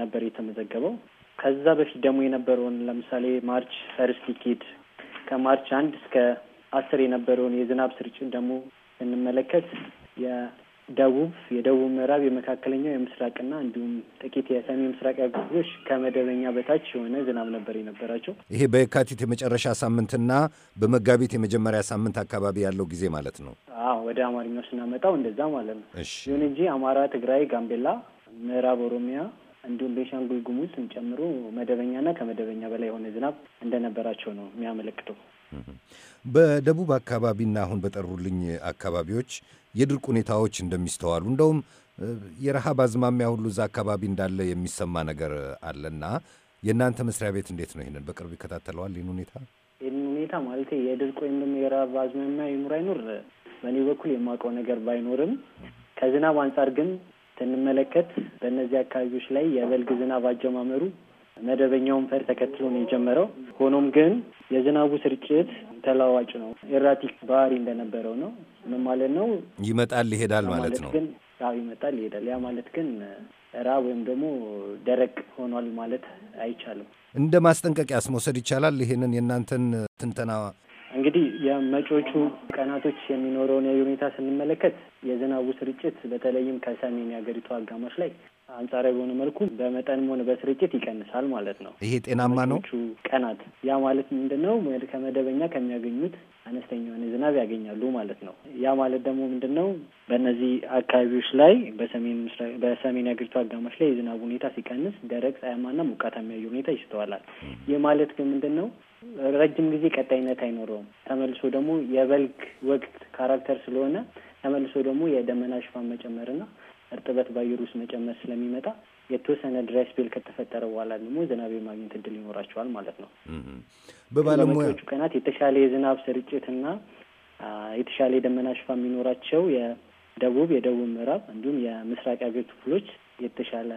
ነበር የተመዘገበው። ከዛ በፊት ደግሞ የነበረውን ለምሳሌ ማርች ፈርስት ዊኬድ ከማርች አንድ እስከ አስር የነበረውን የዝናብ ስርጭት ደግሞ ስንመለከት ደቡብ፣ የደቡብ ምዕራብ፣ የመካከለኛው፣ የምስራቅና እንዲሁም ጥቂት የሰሜን ምስራቅ ክፍሎች ከመደበኛ በታች የሆነ ዝናብ ነበር የነበራቸው። ይሄ በየካቲት የመጨረሻ ሳምንትና በመጋቢት የመጀመሪያ ሳምንት አካባቢ ያለው ጊዜ ማለት ነው። አዎ ወደ አማርኛው ስናመጣው እንደዛ ማለት ነው። ይሁን እንጂ አማራ፣ ትግራይ፣ ጋምቤላ፣ ምዕራብ ኦሮሚያ እንዲሁም ቤንሻንጉል ጉሙዝን ጨምሮ መደበኛና ከመደበኛ በላይ የሆነ ዝናብ እንደነበራቸው ነው የሚያመለክተው። በደቡብ አካባቢና አሁን በጠሩልኝ አካባቢዎች የድርቅ ሁኔታዎች እንደሚስተዋሉ እንደውም የረሃብ አዝማሚያ ሁሉ እዛ አካባቢ እንዳለ የሚሰማ ነገር አለና የእናንተ መስሪያ ቤት እንዴት ነው? ይህንን በቅርብ ይከታተለዋል? ይህን ሁኔታ ይህን ሁኔታ ማለት የድርቅ ወይም ደግሞ የረሃብ አዝማሚያ ይኑር አይኑር በእኔ በኩል የማውቀው ነገር ባይኖርም ከዝናብ አንጻር ግን ስንመለከት በእነዚህ አካባቢዎች ላይ የበልግ ዝናብ አጀማመሩ መደበኛውን ፈር ተከትሎ ነው የጀመረው። ሆኖም ግን የዝናቡ ስርጭት ተለዋጭ ነው፣ ኤራቲክ ባህሪ እንደነበረው ነው። ምን ማለት ነው? ይመጣል ይሄዳል ማለት ነው። ግን ይመጣል ይሄዳል። ያ ማለት ግን ራ ወይም ደግሞ ደረቅ ሆኗል ማለት አይቻልም። እንደ ማስጠንቀቂያስ መውሰድ ይቻላል? ይሄንን የእናንተን ትንተና እንግዲህ የመጪዎቹ ቀናቶች የሚኖረውን የሁኔታ ስንመለከት የዝናቡ ስርጭት በተለይም ከሰሜን የሀገሪቱ አጋማሽ ላይ አንጻራዊ በሆነ መልኩ በመጠንም ሆነ በስርጭት ይቀንሳል ማለት ነው። ይሄ ጤናማ ነው ቀናት። ያ ማለት ምንድን ነው? ከመደበኛ ከሚያገኙት አነስተኛ የሆነ ዝናብ ያገኛሉ ማለት ነው። ያ ማለት ደግሞ ምንድን ነው? በእነዚህ አካባቢዎች ላይ በሰሜን በሰሜን የአገሪቱ አጋማሽ ላይ የዝናብ ሁኔታ ሲቀንስ ደረቅ፣ ፀያማና ሞቃታማ የሚያየ ሁኔታ ይስተዋላል። ይህ ማለት ግን ምንድን ነው? ረጅም ጊዜ ቀጣይነት አይኖረውም። ተመልሶ ደግሞ የበልግ ወቅት ካራክተር ስለሆነ ተመልሶ ደግሞ የደመና ሽፋን መጨመርና እርጥበት በአየር ውስጥ መጨመር ስለሚመጣ የተወሰነ ድራይ ስፔል ከተፈጠረ በኋላ ደግሞ ዝናብ የማግኘት እድል ይኖራቸዋል ማለት ነው። በባለሙያዎቹ ቀናት የተሻለ የዝናብ ስርጭትና የተሻለ የደመና ሽፋ የሚኖራቸው የደቡብ፣ የደቡብ ምዕራብ እንዲሁም የምስራቅ አገሪቱ ክፍሎች የተሻለ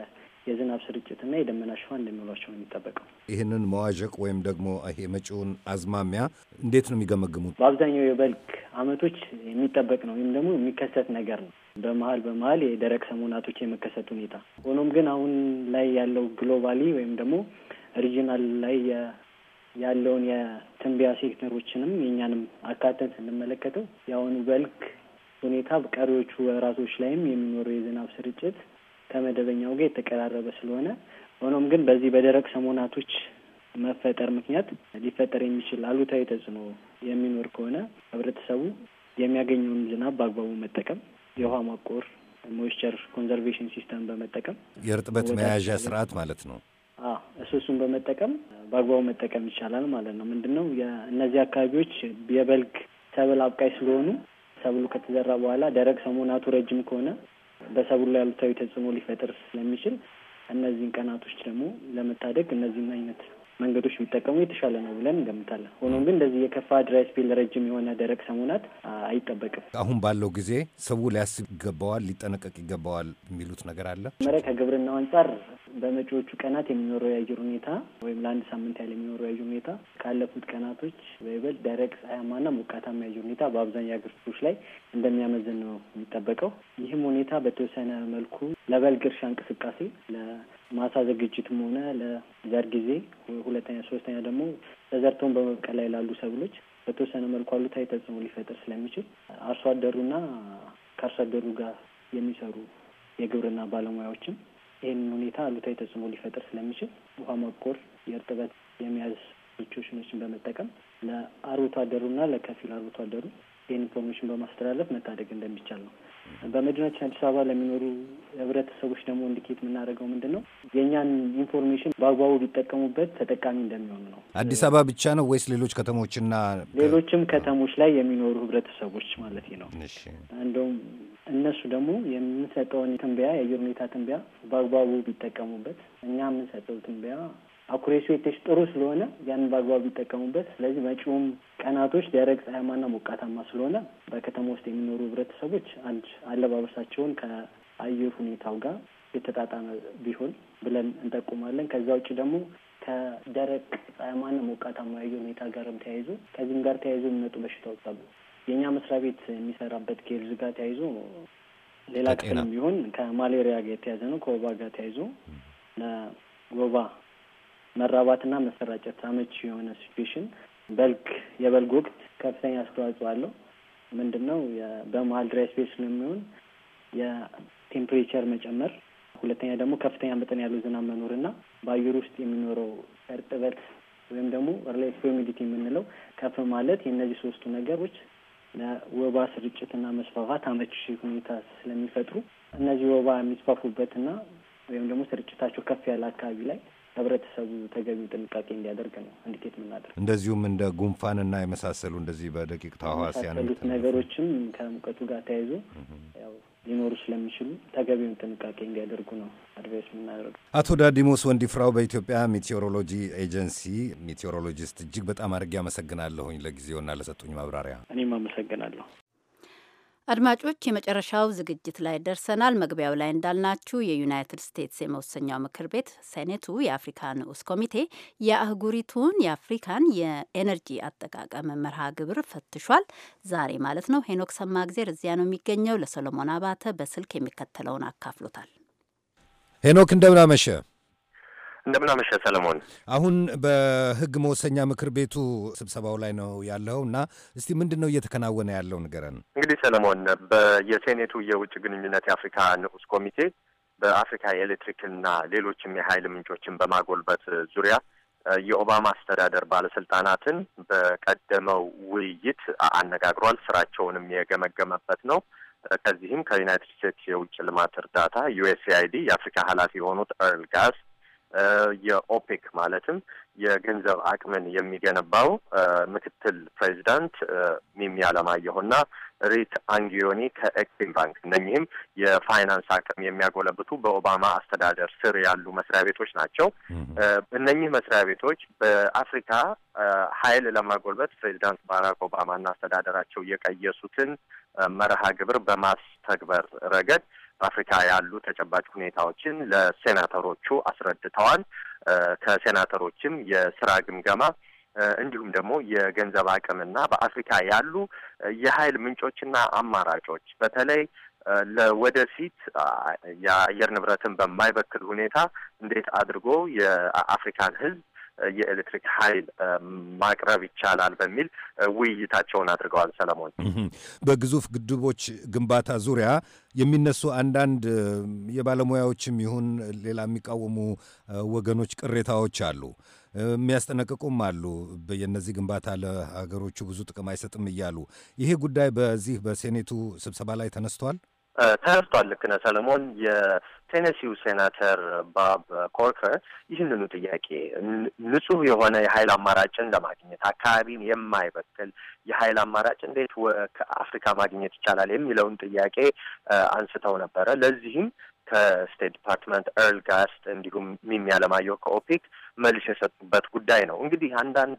የዝናብ ስርጭትና የደመና ሽፋን እንደሚውሏቸው ነው የሚጠበቀው። ይህንን መዋዠቅ ወይም ደግሞ የመጪውን አዝማሚያ እንዴት ነው የሚገመግሙት? በአብዛኛው የበልግ አመቶች የሚጠበቅ ነው ወይም ደግሞ የሚከሰት ነገር ነው። በመሀል በመሀል የደረቅ ሰሞናቶች የመከሰት ሁኔታ ሆኖም ግን አሁን ላይ ያለው ግሎባሊ ወይም ደግሞ ሪጂናል ላይ ያለውን የትንቢያ ሴክተሮችንም የእኛንም አካተን ስንመለከተው የአሁኑ በልግ ሁኔታ በቀሪዎቹ ወራቶች ላይም የሚኖረው የዝናብ ስርጭት ከመደበኛው ጋር የተቀራረበ ስለሆነ ሆኖም ግን በዚህ በደረቅ ሰሞናቶች መፈጠር ምክንያት ሊፈጠር የሚችል አሉታዊ ተጽዕኖ የሚኖር ከሆነ ህብረተሰቡ የሚያገኘውን ዝናብ በአግባቡ መጠቀም የውሃ ማቆር ሞይስቸር ኮንዘርቬሽን ሲስተም በመጠቀም የእርጥበት መያዣ ስርዓት ማለት ነው። እሱ እሱን በመጠቀም በአግባቡ መጠቀም ይቻላል ማለት ነው። ምንድን ነው እነዚህ አካባቢዎች የበልግ ሰብል አብቃይ ስለሆኑ ሰብሉ ከተዘራ በኋላ ደረቅ ሰሞናቱ ረጅም ከሆነ በሰብሉ ላይ አሉታዊ ተጽዕኖ ሊፈጥር ስለሚችል እነዚህን ቀናቶች ደግሞ ለመታደግ እነዚህን አይነት መንገዶች ቢጠቀሙ የተሻለ ነው ብለን እንገምታለን። ሆኖም ግን እንደዚህ የከፋ ድራይ ስፔል ረጅም የሆነ ደረቅ ሰሞናት አይጠበቅም። አሁን ባለው ጊዜ ሰው ሊያስብ ይገባዋል፣ ሊጠነቀቅ ይገባዋል የሚሉት ነገር አለ። መጀመሪያ ከግብርናው አንጻር በመጪዎቹ ቀናት የሚኖረው የአየር ሁኔታ ወይም ለአንድ ሳምንት ያህል የሚኖረው የአየር ሁኔታ ካለፉት ቀናቶች በይበልጥ ደረቅ፣ ፀሐያማና ሞቃታማ የአየር ሁኔታ በአብዛኛው ሀገር ክፍሎች ላይ እንደሚያመዝን ነው የሚጠበቀው። ይህም ሁኔታ በተወሰነ መልኩ ለበልግ እርሻ እንቅስቃሴ ለማሳ ዝግጅትም ሆነ ለዘር ጊዜ፣ ሁለተኛ ሶስተኛ ደግሞ ተዘርተውን በመብቀል ላይ ላሉ ሰብሎች በተወሰነ መልኩ አሉታዊ ተጽዕኖ ሊፈጥር ስለሚችል አርሶ አደሩና ከአርሶ አደሩ ጋር የሚሰሩ የግብርና ባለሙያዎችም ይህንን ሁኔታ አሉታዊ ተጽዕኖ ሊፈጥር ስለሚችል ውሃ መቆር፣ የእርጥበት የሚያዝ ሶቹሽኖችን በመጠቀም ለአርብቶ አደሩና ለከፊል አርብቶ አደሩ ይህን ኢንፎርሜሽን በማስተላለፍ መታደግ እንደሚቻል ነው። በመዲናችን አዲስ አበባ ለሚኖሩ ህብረተሰቦች ደግሞ እንዲኬት የምናደርገው ምንድን ነው የእኛን ኢንፎርሜሽን በአግባቡ ቢጠቀሙበት ተጠቃሚ እንደሚሆኑ ነው። አዲስ አበባ ብቻ ነው ወይስ ሌሎች ከተሞችና ሌሎችም ከተሞች ላይ የሚኖሩ ህብረተሰቦች ማለት ነው? እንደውም እነሱ ደግሞ የምንሰጠውን ትንበያ የአየር ሁኔታ ትንበያ በአግባቡ ቢጠቀሙበት እኛ የምንሰጠው ትንበያ አኩሬሲ የተሽ ጥሩ ስለሆነ ያንን በአግባቡ ይጠቀሙበት። ስለዚህ መጪውም ቀናቶች ደረቅ ፀሐያማና ሞቃታማ ስለሆነ በከተማ ውስጥ የሚኖሩ ህብረተሰቦች አንድ አለባበሳቸውን ከአየር ሁኔታው ጋር የተጣጣመ ቢሆን ብለን እንጠቁማለን። ከዛ ውጭ ደግሞ ከደረቅ ፀሐያማና ሞቃታማ የአየር ሁኔታ ጋርም ተያይዞ ከዚህም ጋር ተያይዞ የሚመጡ በሽታዎች አሉ። የእኛ መስሪያ ቤት የሚሰራበት ኬዝ ጋር ተያይዞ ሌላ ክፍልም ቢሆን ከማሌሪያ ጋር የተያዘ ነው። ከወባ ጋር ተያይዞ ለወባ መራባትና መሰራጨት አመቺ የሆነ ሲቹዌሽን በልግ የበልግ ወቅት ከፍተኛ አስተዋጽኦ አለው። ምንድን ነው በመሀል ድራይ ስፔስ ስለሚሆን የቴምፕሬቸር መጨመር፣ ሁለተኛ ደግሞ ከፍተኛ መጠን ያለው ዝናብ መኖርና በአየር ውስጥ የሚኖረው እርጥበት ወይም ደግሞ ሪሌቲቭ ሂውሚዲቲ የምንለው ከፍ ማለት የእነዚህ ሶስቱ ነገሮች ለወባ ስርጭትና መስፋፋት አመቺ ሁኔታ ስለሚፈጥሩ እነዚህ ወባ የሚስፋፉበትና ወይም ደግሞ ስርጭታቸው ከፍ ያለ አካባቢ ላይ ህብረተሰቡ ተገቢው ጥንቃቄ እንዲያደርግ ነው እንዲኬት ምናደርግ እንደዚሁም እንደ ጉንፋንና የመሳሰሉ እንደዚህ በደቂቅ ተዋሲያን ነገሮችም ከሙቀቱ ጋር ተያይዞ ያው ሊኖሩ ስለሚችሉ ተገቢውን ጥንቃቄ እንዲያደርጉ ነው አድቬስ የምናደርጉ። አቶ ዳዲሞስ ወንዲፍራው በኢትዮጵያ ሜቴዎሮሎጂ ኤጀንሲ ሜቴዎሮሎጂስት፣ እጅግ በጣም አድርጌ አመሰግናለሁኝ ለጊዜውና ለሰጡኝ ማብራሪያ። እኔም አመሰግናለሁ። አድማጮች የመጨረሻው ዝግጅት ላይ ደርሰናል። መግቢያው ላይ እንዳልናችሁ የዩናይትድ ስቴትስ የመወሰኛው ምክር ቤት ሴኔቱ የአፍሪካ ንዑስ ኮሚቴ የአህጉሪቱን የአፍሪካን የኤነርጂ አጠቃቀም መርሃ ግብር ፈትሿል። ዛሬ ማለት ነው። ሄኖክ ሰማእግዜር እዚያ ነው የሚገኘው። ለሰሎሞን አባተ በስልክ የሚከተለውን አካፍሎታል። ሄኖክ እንደምናመሸ እንደምናመሸ ሰለሞን። አሁን በህግ መወሰኛ ምክር ቤቱ ስብሰባው ላይ ነው ያለው እና እስቲ ምንድን ነው እየተከናወነ ያለው ንገረን። እንግዲህ ሰለሞን በየሴኔቱ የውጭ ግንኙነት የአፍሪካ ንዑስ ኮሚቴ በአፍሪካ የኤሌክትሪክና ሌሎችም የሀይል ምንጮችን በማጎልበት ዙሪያ የኦባማ አስተዳደር ባለስልጣናትን በቀደመው ውይይት አነጋግሯል። ስራቸውንም የገመገመበት ነው። ከዚህም ከዩናይትድ ስቴትስ የውጭ ልማት እርዳታ ዩኤስኤአይዲ የአፍሪካ ኃላፊ የሆኑት ኤርል ጋስ የኦፔክ ማለትም የገንዘብ አቅምን የሚገነባው ምክትል ፕሬዚዳንት ሚሚ አለማየሁና ሪት አንጊዮኒ ከኤክሲም ባንክ እነኚህም የፋይናንስ አቅም የሚያጎለብቱ በኦባማ አስተዳደር ስር ያሉ መስሪያ ቤቶች ናቸው። እነኚህ መስሪያ ቤቶች በአፍሪካ ኃይል ለማጎልበት ፕሬዚዳንት ባራክ ኦባማና አስተዳደራቸው የቀየሱትን መርሃ ግብር በማስተግበር ረገድ በአፍሪካ ያሉ ተጨባጭ ሁኔታዎችን ለሴናተሮቹ አስረድተዋል። ከሴናተሮችም የስራ ግምገማ እንዲሁም ደግሞ የገንዘብ አቅምና በአፍሪካ ያሉ የሀይል ምንጮችና አማራጮች በተለይ ለወደፊት የአየር ንብረትን በማይበክል ሁኔታ እንዴት አድርጎ የአፍሪካን ሕዝብ የኤሌክትሪክ ኃይል ማቅረብ ይቻላል በሚል ውይይታቸውን አድርገዋል። ሰለሞን፣ በግዙፍ ግድቦች ግንባታ ዙሪያ የሚነሱ አንዳንድ የባለሙያዎችም ይሁን ሌላ የሚቃወሙ ወገኖች ቅሬታዎች አሉ። የሚያስጠነቅቁም አሉ። የነዚህ ግንባታ ለሀገሮቹ ብዙ ጥቅም አይሰጥም እያሉ ይሄ ጉዳይ በዚህ በሴኔቱ ስብሰባ ላይ ተነስቷል። ተነስቷል። ልክ ነህ ሰለሞን። የቴኔሲው ሴናተር ባብ ኮርከር ይህንኑ ጥያቄ ንጹህ የሆነ የኃይል አማራጭን ለማግኘት አካባቢን የማይበክል የኃይል አማራጭ እንዴት ከአፍሪካ ማግኘት ይቻላል የሚለውን ጥያቄ አንስተው ነበረ። ለዚህም ከስቴት ዲፓርትመንት ኤርል ጋስት እንዲሁም ሚሚ አለማየሁ ከኦፒክ መልስ የሰጡበት ጉዳይ ነው። እንግዲህ አንዳንድ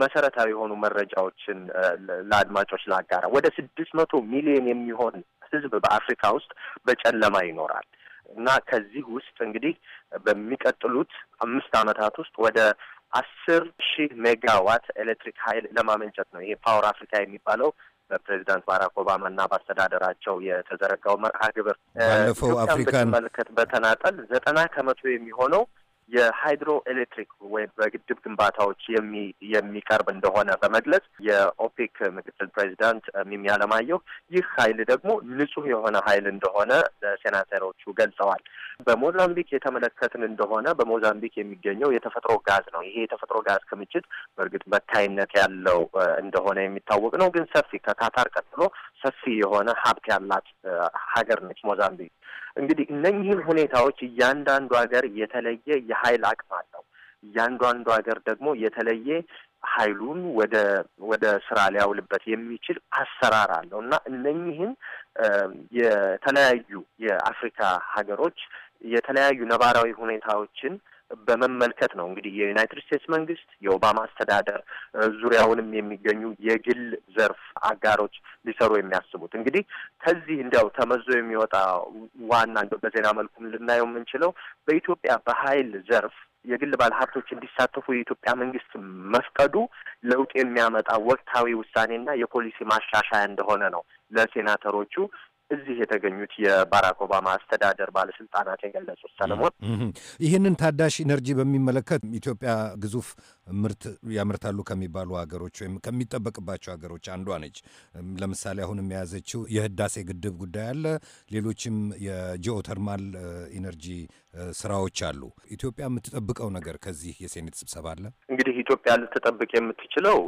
መሰረታዊ የሆኑ መረጃዎችን ለአድማጮች ላጋራ። ወደ ስድስት መቶ ሚሊዮን የሚሆን ህዝብ በአፍሪካ ውስጥ በጨለማ ይኖራል እና ከዚህ ውስጥ እንግዲህ በሚቀጥሉት አምስት ዓመታት ውስጥ ወደ አስር ሺህ ሜጋዋት ኤሌክትሪክ ኃይል ለማመንጨት ነው ይሄ ፓወር አፍሪካ የሚባለው በፕሬዚዳንት ባራክ ኦባማ እና በአስተዳደራቸው የተዘረጋው መርሃ ግብር ባለፈው አፍሪካን መልከት በተናጠል ዘጠና ከመቶ የሚሆነው የሃይድሮ ኤሌክትሪክ ወይም በግድብ ግንባታዎች የሚቀርብ እንደሆነ በመግለጽ የኦፔክ ምክትል ፕሬዚዳንት ሚሚ አለማየሁ ይህ ኃይል ደግሞ ንጹህ የሆነ ኃይል እንደሆነ ለሴናተሮቹ ገልጸዋል። በሞዛምቢክ የተመለከትን እንደሆነ በሞዛምቢክ የሚገኘው የተፈጥሮ ጋዝ ነው። ይሄ የተፈጥሮ ጋዝ ክምችት በእርግጥ መካይነት ያለው እንደሆነ የሚታወቅ ነው። ግን ሰፊ ከካታር ቀጥሎ ሰፊ የሆነ ሀብት ያላት ሀገር ነች ሞዛምቢክ። እንግዲህ እነኚህን ሁኔታዎች እያንዳንዱ ሀገር የተለየ የሀይል አቅም አለው። እያንዳንዱ ሀገር ደግሞ የተለየ ሀይሉን ወደ ወደ ስራ ሊያውልበት የሚችል አሰራር አለው እና እነኚህን የተለያዩ የአፍሪካ ሀገሮች የተለያዩ ነባራዊ ሁኔታዎችን በመመልከት ነው እንግዲህ የዩናይትድ ስቴትስ መንግስት የኦባማ አስተዳደር ዙሪያውንም የሚገኙ የግል ዘርፍ አጋሮች ሊሰሩ የሚያስቡት እንግዲህ ከዚህ እንዲያው ተመዞ የሚወጣ ዋና እንደው በዜና መልኩም ልናየው የምንችለው በኢትዮጵያ በኃይል ዘርፍ የግል ባለሀብቶች እንዲሳተፉ የኢትዮጵያ መንግስት መፍቀዱ ለውጥ የሚያመጣ ወቅታዊ ውሳኔና የፖሊሲ ማሻሻያ እንደሆነ ነው ለሴናተሮቹ እዚህ የተገኙት የባራክ ኦባማ አስተዳደር ባለስልጣናት የገለጹት። ሰለሞን፣ ይህንን ታዳሽ ኢነርጂ በሚመለከት ኢትዮጵያ ግዙፍ ምርት ያመርታሉ ከሚባሉ ሀገሮች ወይም ከሚጠበቅባቸው ሀገሮች አንዷ ነች። ለምሳሌ አሁንም የያዘችው የህዳሴ ግድብ ጉዳይ አለ። ሌሎችም የጂኦተርማል ኢነርጂ ስራዎች አሉ። ኢትዮጵያ የምትጠብቀው ነገር ከዚህ የሴኔት ስብሰባ አለ። እንግዲህ ኢትዮጵያ ልትጠብቅ የምትችለው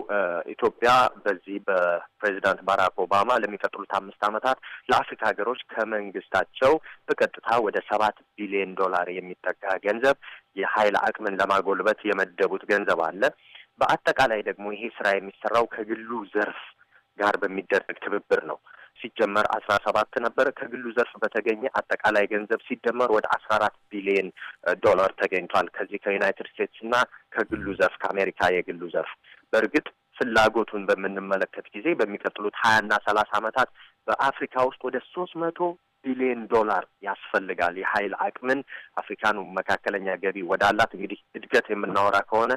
ኢትዮጵያ በዚህ በፕሬዚዳንት ባራክ ኦባማ ለሚቀጥሉት አምስት ዓመታት ለአፍሪ የአፍሪካ ሀገሮች ከመንግስታቸው በቀጥታ ወደ ሰባት ቢሊዮን ዶላር የሚጠጋ ገንዘብ የሀይል አቅምን ለማጎልበት የመደቡት ገንዘብ አለ። በአጠቃላይ ደግሞ ይሄ ስራ የሚሰራው ከግሉ ዘርፍ ጋር በሚደረግ ትብብር ነው። ሲጀመር አስራ ሰባት ነበረ። ከግሉ ዘርፍ በተገኘ አጠቃላይ ገንዘብ ሲደመር ወደ አስራ አራት ቢሊዮን ዶላር ተገኝቷል። ከዚህ ከዩናይትድ ስቴትስ እና ከግሉ ዘርፍ ከአሜሪካ የግሉ ዘርፍ በእርግጥ ፍላጎቱን በምንመለከት ጊዜ በሚቀጥሉት ሀያና ሰላሳ ዓመታት በአፍሪካ ውስጥ ወደ ሶስት መቶ ቢሊዮን ዶላር ያስፈልጋል የሀይል አቅምን አፍሪካኑ መካከለኛ ገቢ ወዳላት እንግዲህ እድገት የምናወራ ከሆነ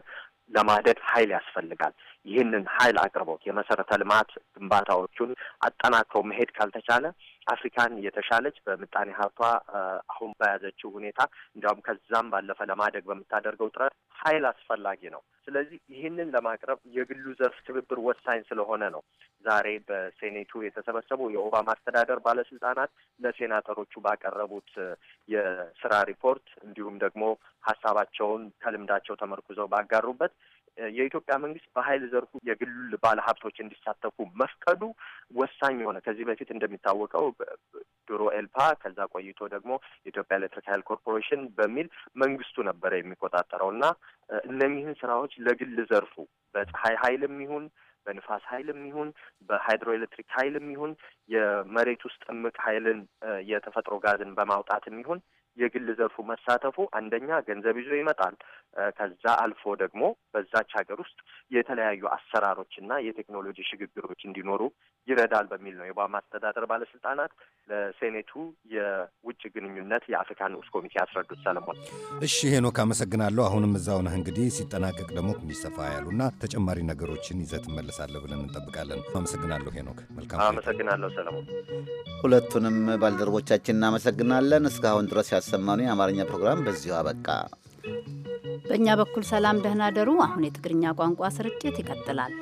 ለማደግ ሀይል ያስፈልጋል። ይህንን ሀይል አቅርቦት የመሰረተ ልማት ግንባታዎቹን አጠናክሮ መሄድ ካልተቻለ አፍሪካን የተሻለች በምጣኔ ሀብቷ አሁን በያዘችው ሁኔታ እንዲያውም ከዛም ባለፈ ለማደግ በምታደርገው ጥረት ኃይል አስፈላጊ ነው። ስለዚህ ይህንን ለማቅረብ የግሉ ዘርፍ ትብብር ወሳኝ ስለሆነ ነው ዛሬ በሴኔቱ የተሰበሰቡ የኦባማ አስተዳደር ባለስልጣናት ለሴናተሮቹ ባቀረቡት የስራ ሪፖርት እንዲሁም ደግሞ ሀሳባቸውን ከልምዳቸው ተመርኩዘው ባጋሩበት የኢትዮጵያ መንግስት በኃይል ዘርፉ የግል ባለሀብቶች እንዲሳተፉ መፍቀዱ ወሳኝ የሆነ ከዚህ በፊት እንደሚታወቀው ድሮ ኤልፓ ከዛ ቆይቶ ደግሞ የኢትዮጵያ ኤሌክትሪክ ኃይል ኮርፖሬሽን በሚል መንግስቱ ነበረ የሚቆጣጠረው እና እነኚህን ስራዎች ለግል ዘርፉ በፀሐይ ሀይልም ይሁን በንፋስ ሀይልም ይሁን በሃይድሮ ኤሌክትሪክ ሀይልም ይሁን የመሬት ውስጥ እምቅ ሀይልን የተፈጥሮ ጋዝን በማውጣትም ይሁን የግል ዘርፉ መሳተፉ አንደኛ ገንዘብ ይዞ ይመጣል። ከዛ አልፎ ደግሞ በዛች ሀገር ውስጥ የተለያዩ አሰራሮች እና የቴክኖሎጂ ሽግግሮች እንዲኖሩ ይረዳል በሚል ነው የኦባማ አስተዳደር ባለስልጣናት ለሴኔቱ የውጭ ግንኙነት የአፍሪካ ንዑስ ኮሚቴ ያስረዱት። ሰለሞን፣ እሺ ሄኖክ አመሰግናለሁ። አሁንም እዛው ነህ እንግዲህ ሲጠናቀቅ ደግሞ ሰፋ ያሉና ተጨማሪ ነገሮችን ይዘት ትመለሳለህ ብለን እንጠብቃለን። አመሰግናለሁ ሄኖክ። መልካም አመሰግናለሁ ሰለሞን። ሁለቱንም ባልደረቦቻችን እናመሰግናለን እስካሁን ድረስ ያሰማኑ የአማርኛ ፕሮግራም በዚሁ አበቃ። በእኛ በኩል ሰላም፣ ደህና ደሩ። አሁን የትግርኛ ቋንቋ ስርጭት ይቀጥላል።